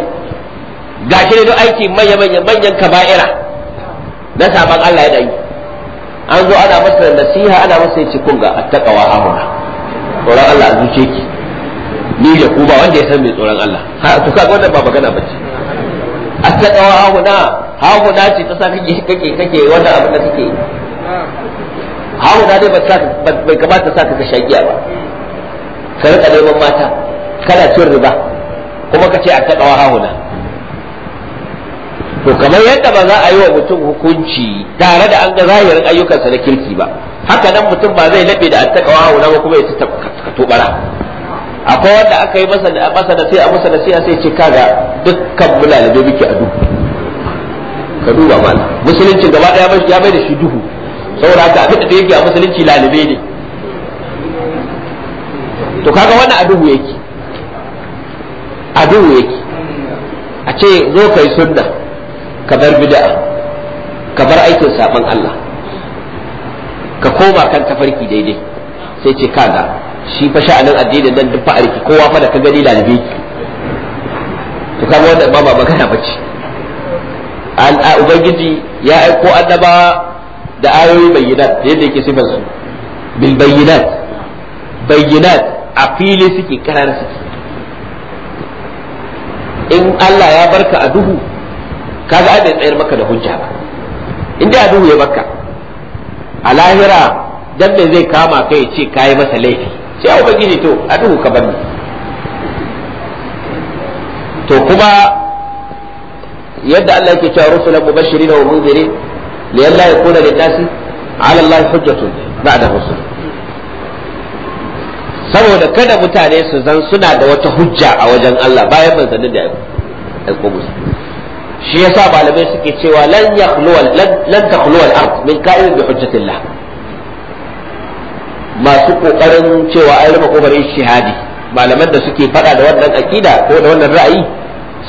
gashi ne duk aiki manya-manyan kaba'ira na saban Allah ya yi an zo ana masa nasiha ana masa yace kun ga attaqwa ahuna tsoron Allah azuce ki ni da ku ba wanda ya san mai tsoron Allah ha to kaga wannan ba magana bace attaqwa ahuna ahuna ce ta sa kake kake kake wannan abin da kake hahuna dai ba bai kamata sa ka shagiya ba ka rika neman mata kana cin riba kuma ka ce ahuna to kamar yadda ba za a yi wa mutum hukunci tare da an ga zahirin ayyukansa na kirki ba haka nan mutum ba zai labe da wa hauna ba kuma ya ci tobara akwai wanda aka yi masa da masa a masa da sai ce kaga dukkan mulalabe muke a duhu ka duba mana musulunci gaba daya ya bai da shi duhu saboda haka abin da yake a musulunci lalibe ne to kaga wannan a duhu yake a duhu yake a ce zo kai sunna ka bar bid'a ka bar aikin saban Allah ka koma kan tafarki daidai sai ce kaga shi fa sha'anin addinin nan duk fa arki kowa fa da ka gani lalabe ki to kaga wannan ba ba magana bace ubangiji ya aiko annabawa da ayoyi bayyinat yadda yake sifar su bil bayyinat bayyinat a fili suke karara suke in Allah ya barka a duhu kaga ai bai tsayar maka da hujja ba in dai duhu ya baka a lahira dan me zai kama kai ce kai masa laifi sai ubangiji to a duhu ka bani to kuma yadda Allah yake cewa rusulan mubashirin wa munzirin لئلا يكون للناس ala Allah hujjatu ba'da rusul saboda kada mutane su zan suna da wata hujja a wajen Allah bayan manzannin da ya aiko musu shi yasa malamai suke cewa lan yakhluwa lan ard min ka'in bi hujjatillah masu kokarin cewa ai rufe kokarin shihadi malaman da suke fada da wannan akida ko da wannan ra'ayi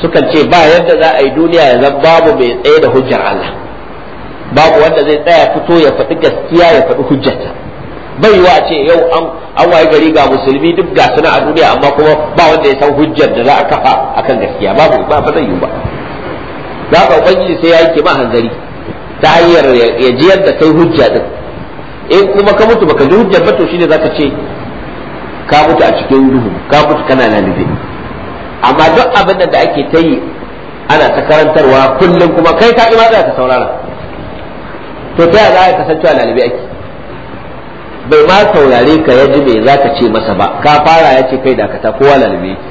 sukan ce ba yadda za a yi duniya ya zan babu mai tsaye da hujjar Allah babu wanda zai tsaya fito ya faɗi gaskiya ya faɗi hujjarta bai wa ce yau an an waye gari ga musulmi duk ga suna a duniya amma kuma ba wanda ya san hujjar da za a kafa akan gaskiya babu ba zai yi ba za ka ubangiji sai ya yanke ma hanzari ta hanyar ya jiyar da kai hujja din in kuma ka mutu baka ji hujjar ba to shine zaka ce ka mutu a cikin duhu ka mutu kana lalube amma duk abin da ake ta yi ana ta karantarwa kullum kuma kai ka ima ka saurara to ta yaya za ka kasancewa lalube ake bai ma saurare ka ya ji me za ka ce masa ba ka fara ya ce kai dakata kowa lalube yake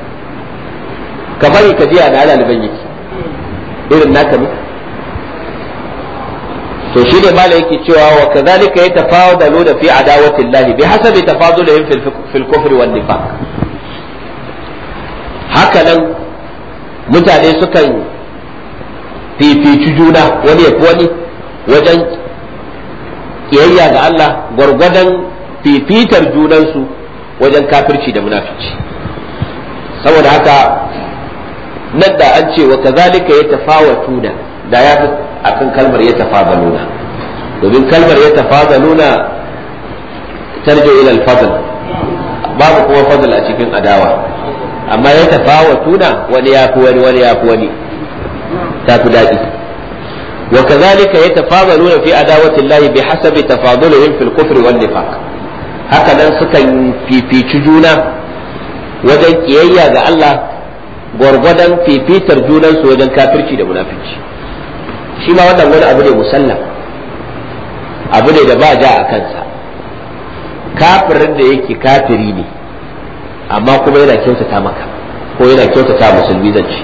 ka bari ka ji da lalibin yake irin naka ne to shi ne mala yake cewa wa kazalika ya tafawo da fi adawatillahi bi hasabi tafadulihim da kufri wan nifaq haka nan mutane sukan fifici juna wani ya wani wajen kiyayya ga Allah gwargwadon fifitar junansu wajen kafirci da munafici saboda haka nan da an ce wa kazalika ya tafawatu da ya fi akan kalmar ya tafadaluna domin kalmar ya tafadaluna tarjo ila al babu kuma fadl a cikin adawa amma ya tafawatu na wani ya fi wani wani ya fi wani ta fi daɗi wa kazalika ya tafadaluna fi adawati Allah bi hasabi tafadulihim fil kufri wan nifaq haka nan sukan fifici juna wajen kiyayya ga Allah gwargwadon fifitar junansu wajen kafirci da munafici shi ma wannan wani abu ne musallam abu ne da ba ja a kansa kafirin da yake kafiri ne amma kuma yana kyautata maka ko yana kyautata musulmi zan ci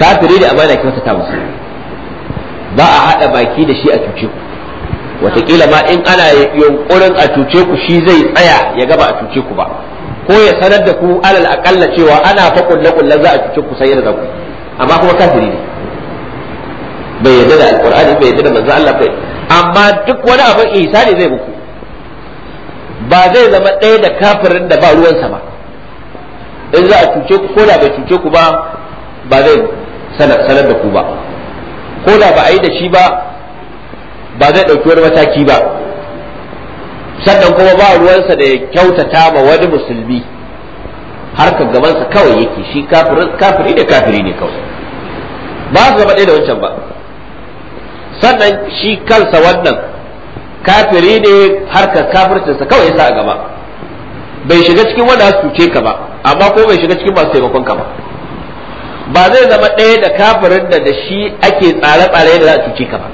kafiri ne amma yana kyautata musulmi ba a haɗa baki da shi a cuce ku wataƙila ma in ana yunƙurin a cuce ku shi zai tsaya ya gaba a cuce ku ba ko ya sanar da ku alal aqalla cewa ana fa kullu kullu za a cuce ku sai da ku amma kuma kafiri ne bai yadda da alqur'ani bai yadda da manzo Allah bai amma duk wani abin ne zai muku ba zai zama ɗaya da kafirin da ba ruwansa ba in za a cuce ku ko da bai cuce ku ba ba zai sanar da ku ba ko da ba a yi da shi ba ba zai ɗauki wani mataki ba sannan kuma ba ruwansa da ya kyautata ma wani musulmi harkar gabansa kawai yake shi kafiri ne kafiri ne kawai ba su gaba ɗaya da wancan ba sannan shi kansa wannan kafiri ne harkar kafircinsa kawai ya sa a gaba bai shiga cikin wanda su ce ka ba amma ko bai shiga cikin masu taimakon ka ba ba zai zama ɗaya da kafirin da da shi ake tsare-tsare da za a cuce ka ba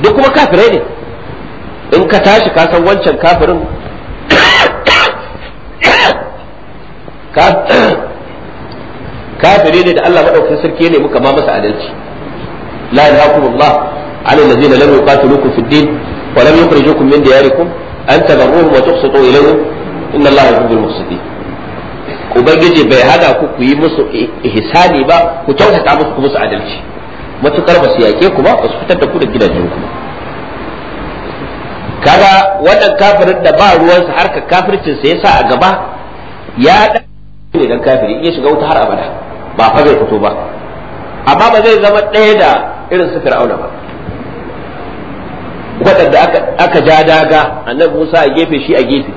duk kuma kafirai ne in ka tashi ka san wancan kafirin kafiri ne da Allah madaukakin sarki ne muka ma masa adalci la ilaha illallah alal ladina lam yuqatilukum fid din wa lam yukhrijukum min diyarikum an tabarruhum wa tuqsitu ilayhim inna Allah yuhibbul muqsitin ubangiji bai hada ku ku yi musu ihsani ba ku kyautata musu ku musu adalci matukar ba su yake ku ba ba su fitar da ku da gidajen ku ba kaga wannan kafirin da ba ruwansa harka kafircin sa yasa a gaba ya da ne dan kafiri in ya shiga wuta har abada ba fa zai fito ba amma ba zai zama ɗaya da irin su fir'auna ba waɗanda aka ja daga annabi Musa a gefe shi a gefe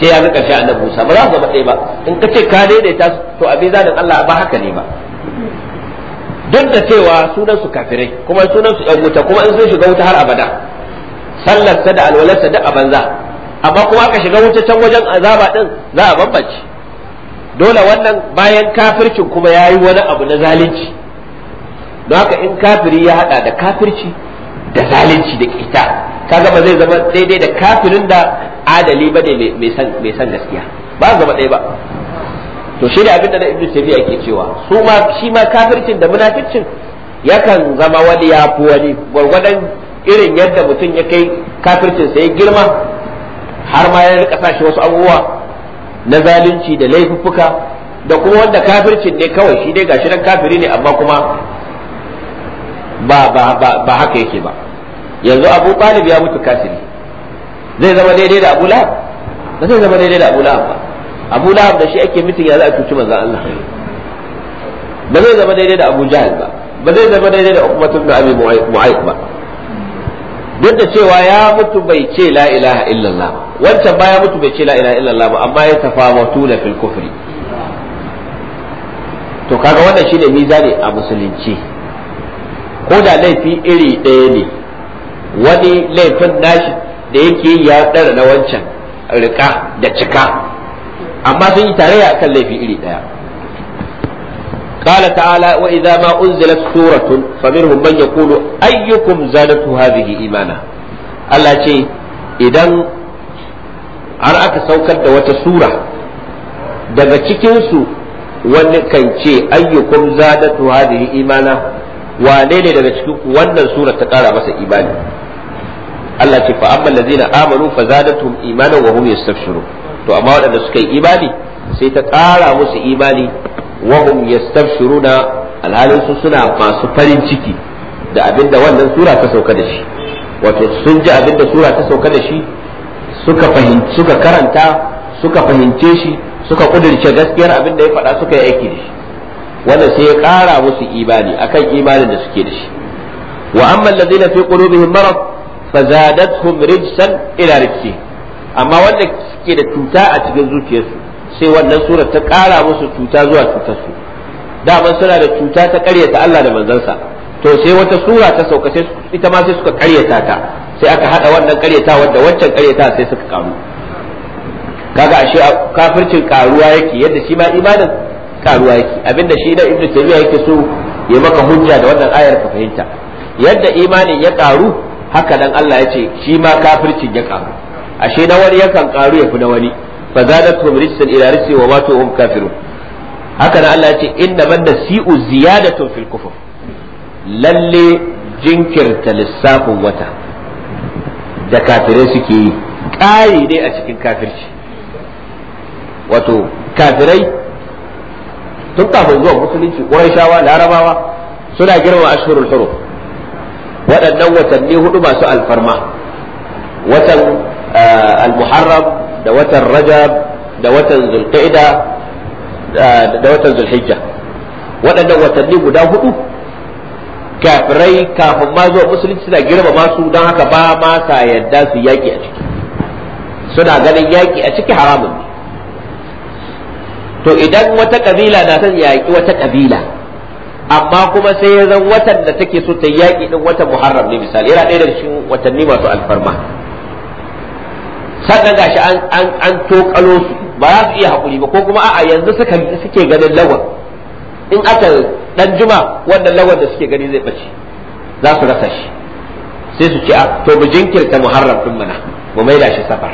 sai ya rika shi annabi Musa ba za su zama ɗaya ba in ka ce ka daidaita to abin zanin Allah ba haka ne ba duk da cewa sunan su kafirai kuma sunan su ƴan wuta kuma in sun shiga wuta har abada sallarsa da alwalarsa duk a banza amma kuma ka shiga wuta wajen azaba din za a bambance dole wannan bayan kafircin kuma ya yi wani abu na zalunci don haka in kafiri ya hada da kafirci da zalunci da kita kaga ba zai zama daidai da kafirin da adali ba ne mai san gaskiya ba zama ɗaya ba to shi da abin da ibnu ke cewa su ma shi ma kafircin da munaficcin yakan zama wani ya fi wani gwargwadon irin yadda mutum ya kai kafircin sai girma har ma ya rika sashi wasu abubuwa na zalunci da laifuffuka da kuma wanda kafircin ne kawai shi dai gashi nan kafiri ne amma kuma ba ba ba, ba haka yake ba yanzu Abu Talib ya mutu kafiri zai zama daidai da Abu Lahab ba zai zama daidai da Abu Lahab ba Abu Lahab da shi ake mutum ya za a cuci manzan Allah ba zai zama daidai da Abu Jahal ba ba zai zama daidai da Uqbah ibn Abi Mu'ayth ba duk da cewa ya mutu bai ce la ilaha illallah wancan ba ya mutu bai ce la ilaha illallah ba amma ya tafawatu na fil kufri to kaga wannan shine mizani a musulunci ko da laifi iri ɗaya ne wani laifin nashi da yake ya ɗara na wancan rika da cika amma sun yi tarayya akan laifi iri ɗaya قال تعالى وإذا ما أنزلت سورة فمنهم من يقول أيكم زادته هذه إيمانا الله شيء إذا أرأك سوكت وتسورة daga cikinsu wani kan ce ayyukum zadatu hadhihi imana wane ne daga cikin wannan sura ta kara masa imani Allah ce fa amma allazina amanu fa zadatuhum imana wa hum yastabshiru to amma waɗanda suka yi imani sai ta kara musu imani wahum yastabshiruna alhalin su suna masu farin ciki da abinda wannan sura ta sauka da shi wato sun ji abinda sura ta sauka da shi suka suka karanta suka fahimce shi suka kudirce gaskiyar abin da ya faɗa suka yi aiki da shi wanda sai ya ƙara musu imani akan imanin da suke da shi wa amma allazina fi qulubihim marad fazadathum rijsan ila rijsi amma wanda suke da cuta a cikin zuciyarsu sai wannan surar ta ƙara musu cuta zuwa cutar su daman suna da cuta ta ƙaryata Allah da manzansa to sai wata sura ta sauka sai ita ma sai suka ƙaryata ta sai aka hada wannan ƙaryata wanda wancan ƙaryata sai suka karu kaga ashe kafircin karuwa yake yadda shi ma imanin karuwa yake abinda shi da ibnu taymiya yake so ya maka hujja da wannan ayar ka fahimta yadda imanin ya karu haka dan Allah ya ce shi ma kafircin ya karu ashe na wani yakan karu ya fi na wani فزادتهم رجسا إلى رجس وماتوا وهم كافرون هكذا الله يقول إنما النسيء زيادة في الكفر للي jinkirta lissafin wata da kafirai suke yi ƙari ne a cikin kafirci wato kafirai tun kafin zuwa musulunci shawa larabawa suna girmama ashurul hurum waɗannan watanni huɗu masu alfarma watan al-muharram da watan rajab da watan zulqa'ida da watan zulhijja waɗannan watanni guda hudu kafirai kafin ma zuwa musulunci suna girmama su don haka ba ma sa yadda su yaƙi a ciki suna ganin yaƙi a ciki haramun ne to idan wata kabila na son yaƙi wata kabila amma kuma sai ya zan watan da take so ta yaƙi din watan muharram ne misali yana ɗaya da cikin watanni masu alfarma sannan gashi an an an tokalo su ba za su iya hakuri ba ko kuma a'a yanzu suka suke ganin lawan in aka dan juma wannan lawan da suke gani zai bace za su rasa shi sai su ce a ah, to mu jinkirta muharram din mana mu maida shi safar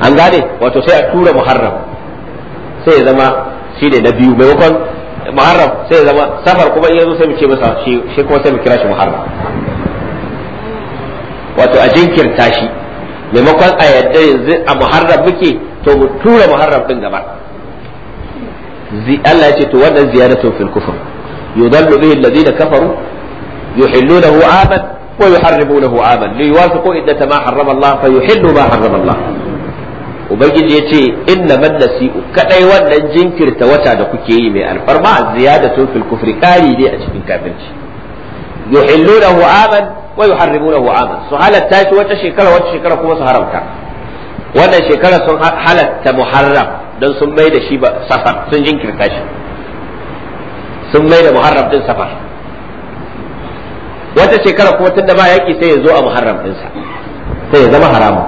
an gane wato sai a tura muharram sai ya zama shi ne na biyu maimakon muharram sai ya zama safar kuma in yazo sai mu ce masa shi kuma sai mu kira shi muharram wato a jinkirta shi maimakon a yadda yanzu a muharram muke to mu tura muharram din gaba Allah ya ce to wannan ziyaratun fil kufr yudallu bihi alladhina kafaru yuhillunahu aman wa yuharrimunahu aman li yuwafiqu iddata ma harrama Allah fa yuhillu ma harrama Allah ubangiji ya ce inna man nasi'u kadai wannan jinkirta wata da kuke yi mai alfarma ziyadatun fil kufri kari ne a cikin kafirci yuhillunahu aman wa yuharrimunahu aman su halatta shi shekara wata shekara kuma su haramta wannan shekara sun halatta muharram don sun mai shi ba safar sun jinkirta sun mai da muharram safar wata shekara kuma tun da ba yaki sai ya zo a muharram sai ya zama haramun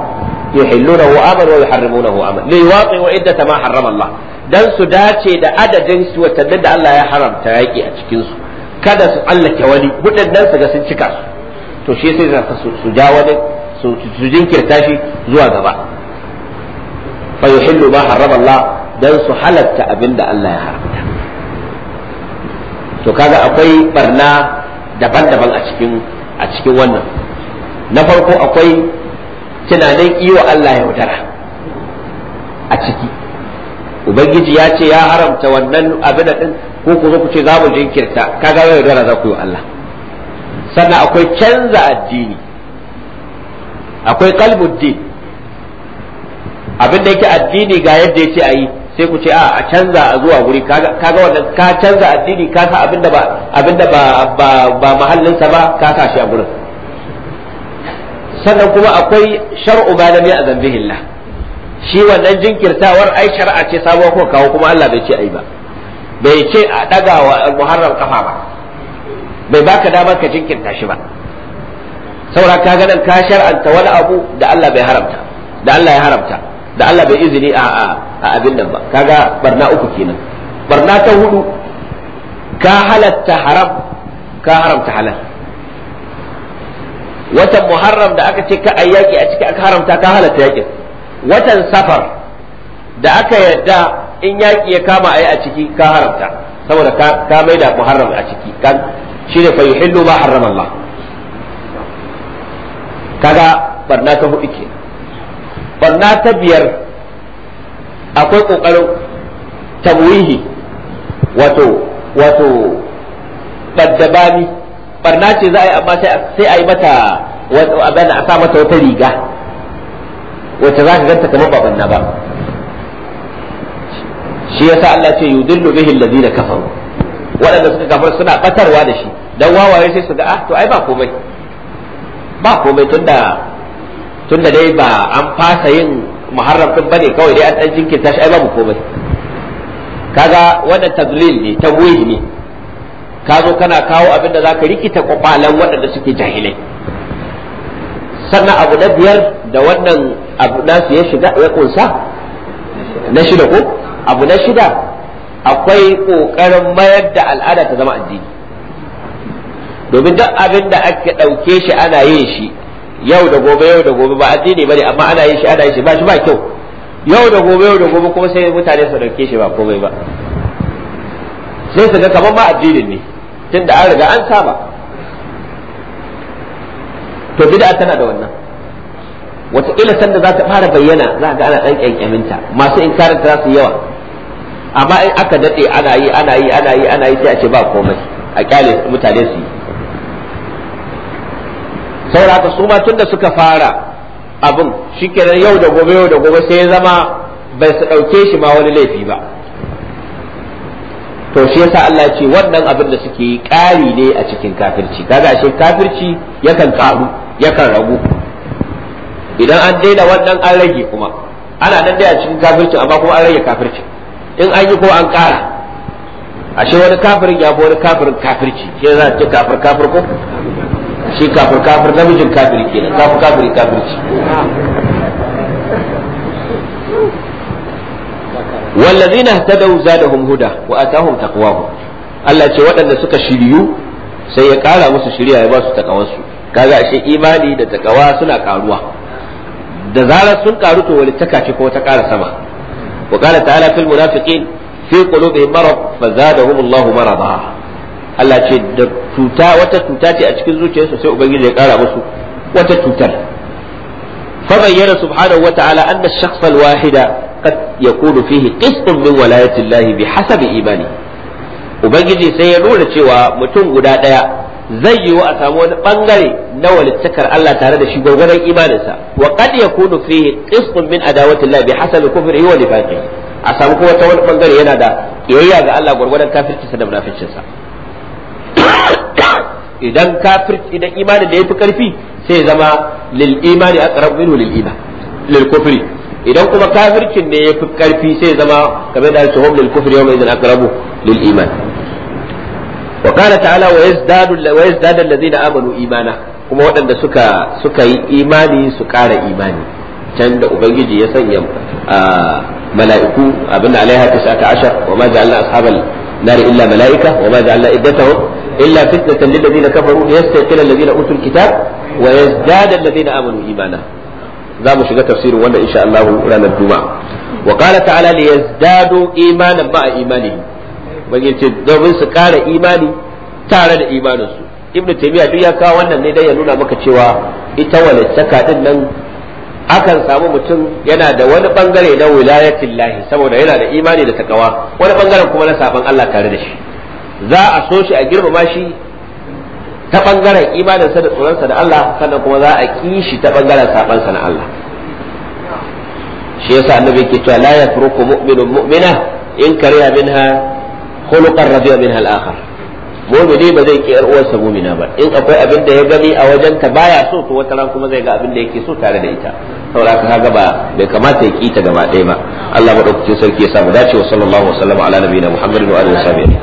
yuhillunahu aman wa yuharrimunahu aman li waqi wa dan su dace da adadin su da Allah ya haramta yaki a cikin kada su allake wani budannan su sun cika su to shi sai su ja wani su jinkirta shi zuwa gaba fa yuhillu ma harrama Allah dan su halatta abinda Allah ya haramta to kaga akwai barna daban-daban a cikin a cikin wannan na farko akwai tunanin iyo Allah yaudara a ciki ubangiji ya ce ya haramta wannan abin da din ko ku zo ku ce za mu jinkirta kaga yaudara za ku yi Allah sannan akwai canza addini akwai kalbuddin abin da yake addini ga yadda ya ce a yi sai ku ce a canza a zuwa guri kaga wannan ka canza addini ka sa abinda ba abinda ba ba ba mahallinsa ba ka sa shi a gurin sannan kuma akwai shar'u ma lam ya'zan bihi Allah shi wannan jinkirtawar ai shar'a ce sabuwa ko kawo kuma Allah bai ce ai ba bai ce a daga wa muharram kafa ba bai baka damar ka jinkirta shi ba saura ka ganin ka shar'anta wani abu da Allah bai haramta da Allah ya haramta da Allah bai izini a a abin nan ba kaga barna uku kenan barna ta hudu ka halatta haram ka haramta halal watan muharram da aka ce ka ayyaki a ciki aka haramta ka halatta yakin watan safar da aka yadda in yaki ya kama ayi a ciki ka haramta saboda ka maida muharram a ciki shine fa yuhillu ma harrama Allah kaga barna ta hudu ke barna ta biyar akwai kokarin tabwihi wato wato baddabani barna ce za a yi amma sai a yi mata wato abin a sa mata wata riga wacce za ka ganta kamar ba barna ba shi yasa Allah ce yudillu bihi alladhina kafaru waɗanda suka gafar suna batarwa da shi don wawaye sai su ga ah to ai ba komai ba komai tunda tunda dai ba an fasa yin muharram din bane kawai dai an dan jinkirta shi ai babu komai kaga wannan tadlil ne tabwih ne ka zo kana kawo abin da zaka rikita kwalan waɗanda suke jahilai sannan abu na biyar da wannan abu nasu ya shiga ya kunsa na shida ko abu na shida akwai ƙoƙarin mayar da al'ada ta zama addini domin duk abin da aka ɗauke shi ana yin shi yau da gobe yau da gobe ba addini bane amma ana yin shi ana yin shi ba shi ba kyau yau da gobe yau da gobe kuma sai mutane su ɗauke shi ba komai ba sai su ga kamar ma addinin ne tunda an riga an saba to bid'a tana da wannan ila sanda za ta fara bayyana za ga ana ɗan ƙyanƙyaminta masu inkarinta za su yawa amma in aka daɗe ana yi ana yi ana yi ana yi sai a ce ba komai a kyale mutane su yi saboda su ma tunda suka fara abin shikenan yau da gobe yau da gobe sai ya zama bai su ɗauke shi ma wani laifi ba to shi yasa Allah ce wannan abin da suke yi ƙari ne a cikin kafirci kaga shi kafirci yakan karu yakan ragu idan an daina wannan an rage kuma ana nan dai a cikin kafircin amma kuma an rage kafircin in an yi ko an ƙara ashe wani kafirin ya wani kafirin kafirci ke za a ce kafir kafir ko shi kafir kafir namijin ke kenan kafir kafir kafirci والذين اهتدوا ta هدى واتاهم ku? Allah ce waɗanda suka shiryu sai ya ƙara musu shirya ya ba su takawarsu kaga ashe imani da takawa suna ƙaruwa da zarar sun ƙaru to wani taka ce ko ta ƙara sama وقال تعالى في المنافقين في قلوبهم مرض فزادهم الله مرضا Allah ce da tuta wata tuta ce a cikin zuciyarsa sai ubangiji ya kara musu wata tutar fa bayyana subhanahu wa ta'ala anna ash-shakhs al-wahida qad yakunu fihi qism min bi hasabi imani ubangiji sai ya nuna cewa mutum guda ɗaya. zai yiwu a samu wani bangare na walittakar Allah tare da shi gwargwadon imaninsa wa qad yakunu fihi qismun min adawati Allah bi hasabi kufrihi wa nifaqihi a samu kuma ta wani bangare yana da kiyayya ga Allah gwargwadon kafircinsa da munaficinsa idan kafirci idan imanin da yafi karfi sai zama lil imani aqrab minhu lil iman lil kufri idan kuma kafircin ne yafi karfi sai zama kamar da su hum lil kufri yawma idan aqrabu lil iman wa qala ta'ala wa yazdadu wa yazdadu allazina amanu kuma waɗanda suka suka yi imani su ƙara imani can da ubangiji ya sanya mala'iku abin da alaiha ta shaka ashar wa ma ja'alna ashabal nari illa mala'ika wa ma ja'alna iddatahu illa fitnatan lil ladina kafaru yastaqila alladhina utul kitab wa yazdadu allazina amanu imana za mu shiga tafsirin wannan insha Allah ranar juma'a wa qala ta'ala liyazdadu imanan ma'a imanihim ce domin su kara imani tare da imaninsu ibnu taymiya duk ya kawo wannan ne dai ya nuna maka cewa ita walittaka din nan akan samu mutum yana da wani bangare na wilayatin lahi saboda yana da imani da takawa wani bangaren kuma na saban Allah tare da shi za a so shi a girmama shi ta bangaren imaninsa da tsoronsa da Allah sannan kuma za a kishi ta bangaren sabansa na Allah shi yasa annabi ke cewa la yafruku mu'minun mu'mina in kariya minha khuluqan rabi'a min al-akhar mu'mini ba zai ki yar uwarsa mu'mina ba in akwai abin da ya gani a wajen ta baya so to wata ran kuma zai ga abin da yake so tare da ita saboda aka kaga ba bai kamata ya ki ta gaba ba Allah madaukakin sarki ya samu dace wa sallallahu alaihi wa sallam ala nabiyina Muhammadin wa alihi wa sahbihi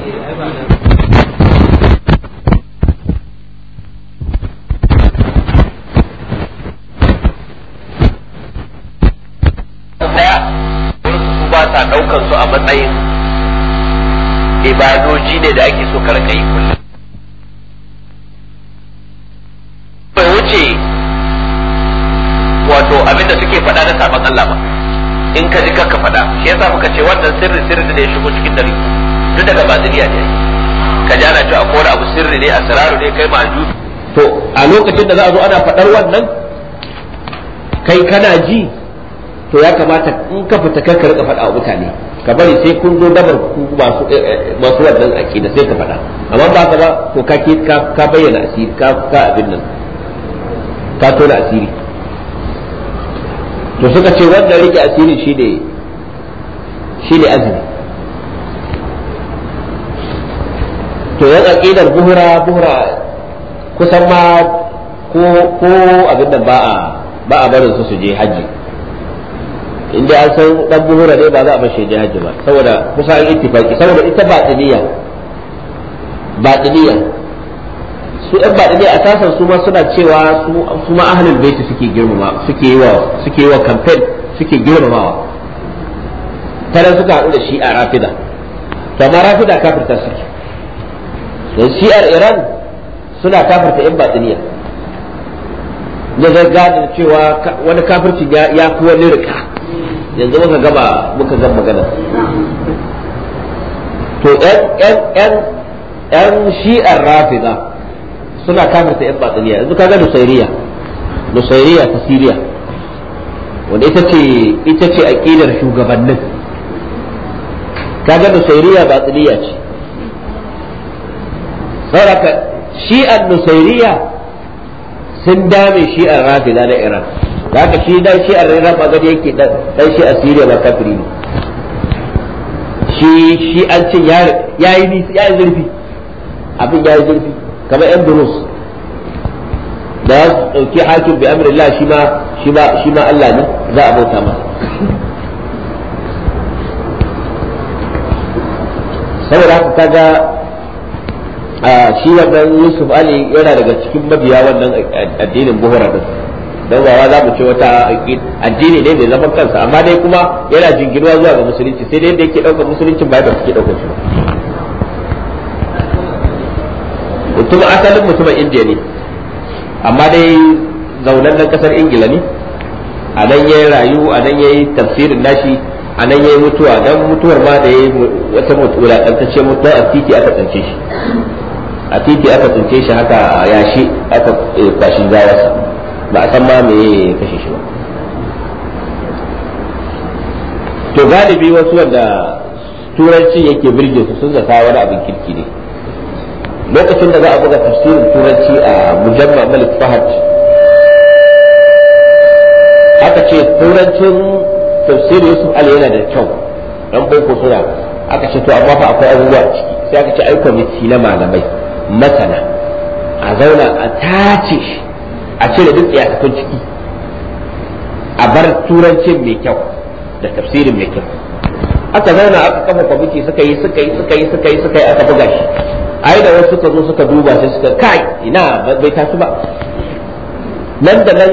matsayin ibadoji ne da ake so ka yi kullum bai wuce wato abinda suke faɗa na sabon Allah ba in ka ji kanka faɗa shi yasa muka ce wannan sirri sirri da ya shigo cikin dare duk daga baziliya ne ka jana to a kowane abu sirri ne asraru ne kai maju to a lokacin da za a zo ana faɗar wannan kai kana ji to ya kamata in ka fita kanka rika faɗa wa mutane ka bari sai kun zo dabar ku masu eh, eh, masu wannan aqida sai ka faɗa amma ba ka ba to ka ka bayyana asiri ka ka abin nan ka tona asiri to suka ce wanda rike asiri shine shine azumi to yan aqidar buhura buhura kusan ma ko ko abin da ba a ba a barin su su je haji in dai an san dan buhura ne ba za a bar shi haji ba saboda kusa an ittifaki saboda ita ba batiniya su ɗan batiniya a sasan su ma suna cewa su ma ahlul baiti suke girmama suke yi wa suke yi wa campaign suke girmamawa tare suka haɗu da shi a rafida to amma rafida kafirta suke shi shi'ar iran suna kafirta yan batiniya da zai gane cewa wani kafircin ya fi wani rika yanzu muka gaba muka gan magana to yan shi'ar rafida suna kafarta yan batsiriya yanzu kaga nusairiya nusairiya ta siriya wanda ita ce ita ce aqidar shugabannin kaga nusairiya batsiriya ce saboda shi'ar nusairiya sun dame shi'ar rafida na iran haka shi dan shi a rera ba gani yake dan shi a siriya ba kafiri ne shi shi an ce ya yi ya yi zurfi abin ya yi zurfi kamar yan durus da ya dauki hakim bi amrillah shi ma shi ma shi ma Allah ne za a bauta masa saboda haka kaga shi wannan Yusuf Ali yana daga cikin mabiya wannan addinin buhura din don ba za mu ce wata addini ne mai zaman kansa amma dai kuma yana jingirwa zuwa ga musulunci sai dai yadda yake ɗaukar musulunci ba da suke ɗaukar shi mutum asalin mutumin indiya ne amma dai zaunan nan kasar ingila ne a nan ya rayu a nan ya yi tafsirin nashi a nan ya yi mutuwa don mutuwar ma da ya yi wata wulaƙantacce mutuwa a titi aka tsince shi a titi aka tsince shi haka yashi aka eh, kwashi gawarsa ba a san ma me ya kashe shi ba to galibi wasu wanda turanci yake birge su sun zata wani abin kirki ne lokacin da za a buga tafsirin turanci a mujamma malik fahad aka ce turancin tafsirin yusuf ali yana da kyau dan boko suna aka ce to amma fa akwai abubuwa a ciki sai aka ce ai kwamiti na malamai masana a zauna a tace shi a cire duk iyakakun ciki a bar turancin mai kyau da tafsirin mai kyau aka zauna aka kafa kwamiti suka yi suka yi suka yi suka yi suka yi aka buga shi ai da wasu suka zo suka duba sai suka kai ina bai tasu ba nan da nan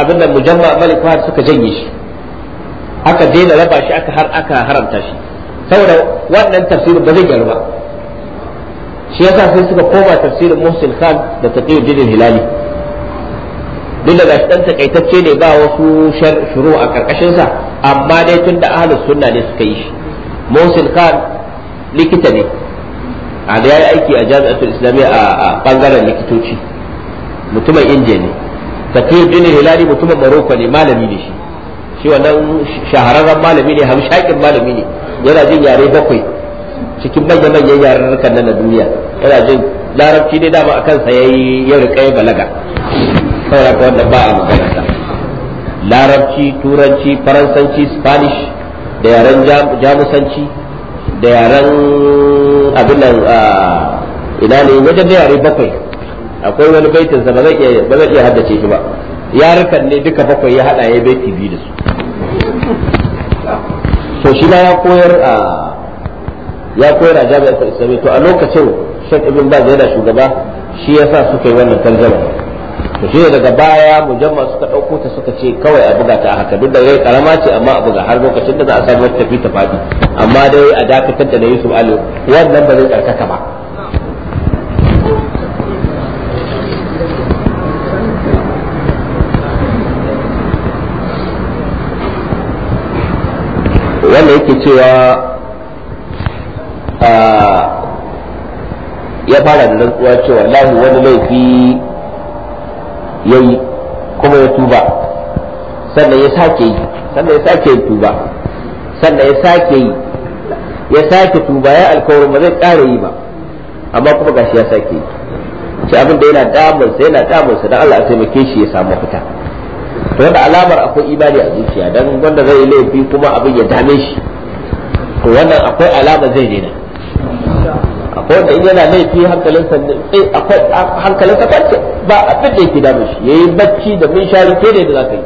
abin da mujamma malik fahad suka janye shi aka daina raba shi aka har aka haramta shi saboda wannan tafsirin ba zai gyaru ba shi yasa sai suka koma tafsirin muhsin khan da taqiyuddin hilali duk da gashi ɗan takaitacce ne ba wasu shuru a karkashin sa amma dai tun da ahlus sunna ne suka yi shi mosul Khan likita ne a da yayi aiki a Jami'atul Islamiyya a bangaren likitoci mutumin Indiya ne Taqiyyu jini Hilali mutumin maroko ne malami ne shi shi wannan shahararren malami ne hamshakin malami ne yana jin yare bakwai cikin manya-manyan yarurrukan na duniya yana jin larabci ne dama akan sa yayi ya riƙa balaga sauraka wanda ba a magana ta larabci turanci faransanci spanish da yaren jamusanci da yaren abin nan ina ne wajen da yare bakwai akwai wani baitin sa ba zan iya ba zan iya haddace shi ba yarukan ne duka bakwai ya hada ya baiti biyu da su so shi ma ya koyar a ya koyar a jami'ar islamiyya to a lokacin shek ibn baz yana shugaba shi yasa suka yi wannan tarjama to shi daga baya mujamma suka ɗauko ta suka ce kawai a buga ta haka duk da rai karama ce amma a buga har lokacin da za a samu tafi ta faɗi amma dai a dakatar da na Yusuf Ali wannan ba zai karkaka ba wanda yake cewa ah, ya fara da rantsuwa cewa wallahi wani laifi ya yi kuma ya tuba sannan ya sake yi sannan ya sake tuba sannan ya sake yi ya sake tuba ya alkawarin ba zai ƙara yi ba amma kuma gashi ya sake yi ce abin da yana damunsa yana damunsa dan Allah a taimake shi ya samu fita to wanda alamar akwai imani a zuciya dan wanda zai laifi kuma abin ya dame shi to wannan akwai alama zai daina akwai wanda in yana laifi hankalinsa eh, akwai kwance ba a da yake damu shi yayi bacci da mun shari ke ne da zaka yi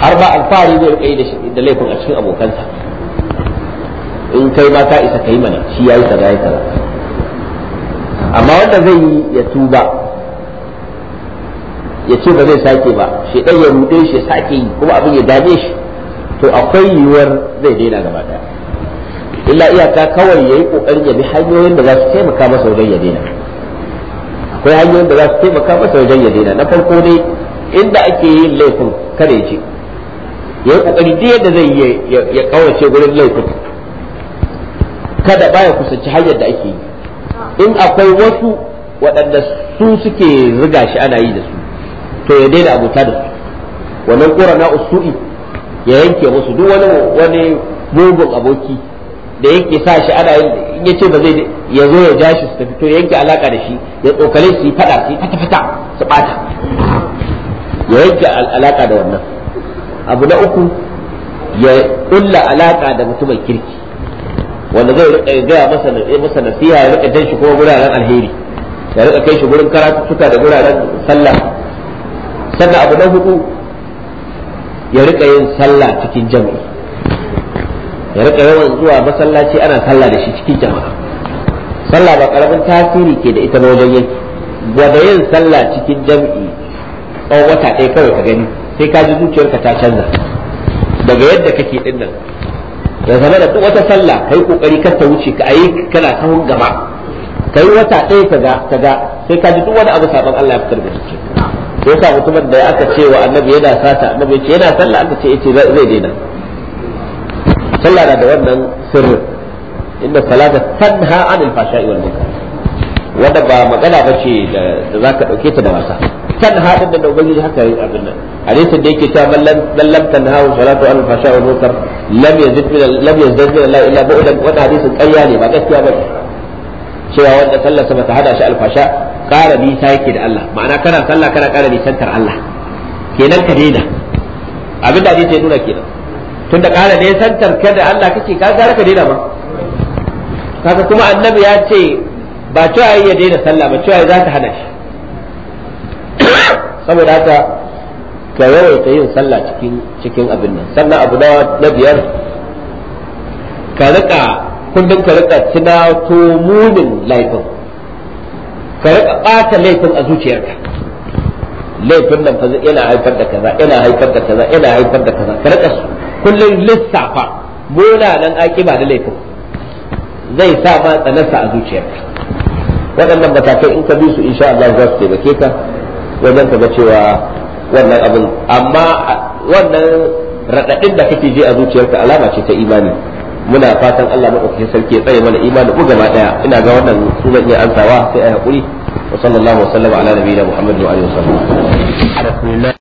har ba alfahari zai rika yi da laifin a cikin abokansa in kai ma ka isa kai mana shi yayi kaza yayi kaza amma wanda zai yi ya tuba ya ce ba zai sake ba shi ya rude shi ya sake yi kuma abin ya dame shi to akwai yiwuwar zai daina gaba daya illa iyaka kawai yayi kokarin ya bi hanyoyin da za su taimaka masa wajen ya daina akwai hanyoyin da za su taimaka masa wajen ya daina na farko dai inda ake yin laifin kada ya ce yayi kokari duk yadda zai yi ya kawace gurin laifin kada baya kusanci hanyar da ake yi in akwai wasu waɗanda su suke ziga shi ana yi da su to ya daina abota da su wannan ƙorana usu'i ya yanke musu duk wani wani mugun aboki da yake sa shi ana in ya ce ba zai ya zo ya ja shi su tafi to yanke alaka da shi ya tsokale su yi fada su yi fata fata su bata ya yanke alaka da wannan abu na uku ya kulla alaka da mutumin kirki wanda zai rika gaya masa masa nasiha ya rika jan shi kuma guraren alheri ya rika kai shi gurin karatuka da guraren sallah sannan abu na hudu ya rika yin sallah cikin jami'i ya rika yawan zuwa masallaci ana sallah da shi cikin jama'a sallah ba karamin tasiri ke da ita wajen yin gwada yin sallah cikin jam'i tsawon wata ɗaya kawai ka gani sai ka ji zuciyarka ta canza daga yadda kake din nan ya zama da duk wata sallah kai kokari kar ta wuce ka ayi kana sahun gaba kai wata ɗaya ka ga ka ga sai ka ji duk wani abu saban Allah ya fitar da shi sai ka mutumin da aka ce wa annabi yana sata annabi ya ce yana sallah aka ce yace zai daina sallah na da wannan sirrin inda salata tanha anil fashai wal munkar wanda ba magana ba ce da za ka ɗauke ta da wasa tanha din da ubangiji haka yi abin nan hadisin da yake cewa man lam tanhahu salatu anil fashai wal munkar lam yazid lam yazid la illa bu'dan wannan hadisin ƙarya ne ba gaskiya ba cewa wanda sallarsa ta hada shi alfasha ƙara nisa yake da Allah ma'ana kana sallah kana ƙara nisantar Allah kenan ka daina abin da hadisi ya nuna kenan tun da ƙara ne santar ka da Allah kake ka gara ka daina ba. kaga kuma annabi ya ce ba cewa ya daina sallah ba cewa za ta hana shi [coughs] saboda haka ka ta yin sallah cikin cikin abin nan sannan abu na biyar ka rika kullum ka rika to munin laifin ka rika ɓata laifin a zuciyarka laifin nan fa yana haifar da kaza yana haifar da kaza yana haifar da kaza ka rika kullum lissafa munanan akiba da laifin zai sa ma tsanarsa a zuciyarka waɗannan matakai in ka bi su insha Allah za su taimake ka wajen ka ga cewa wannan abin amma wannan raɗaɗin da kake ji a zuciyarka alama ce ta imani muna fatan Allah maɗaukakin sarki ya tsaye mana imani ku gaba ɗaya ina ga wannan su zan iya ansawa sai a haƙuri wa sallallahu wa sallama ala nabiyina muhammadin wa alihi wa sallam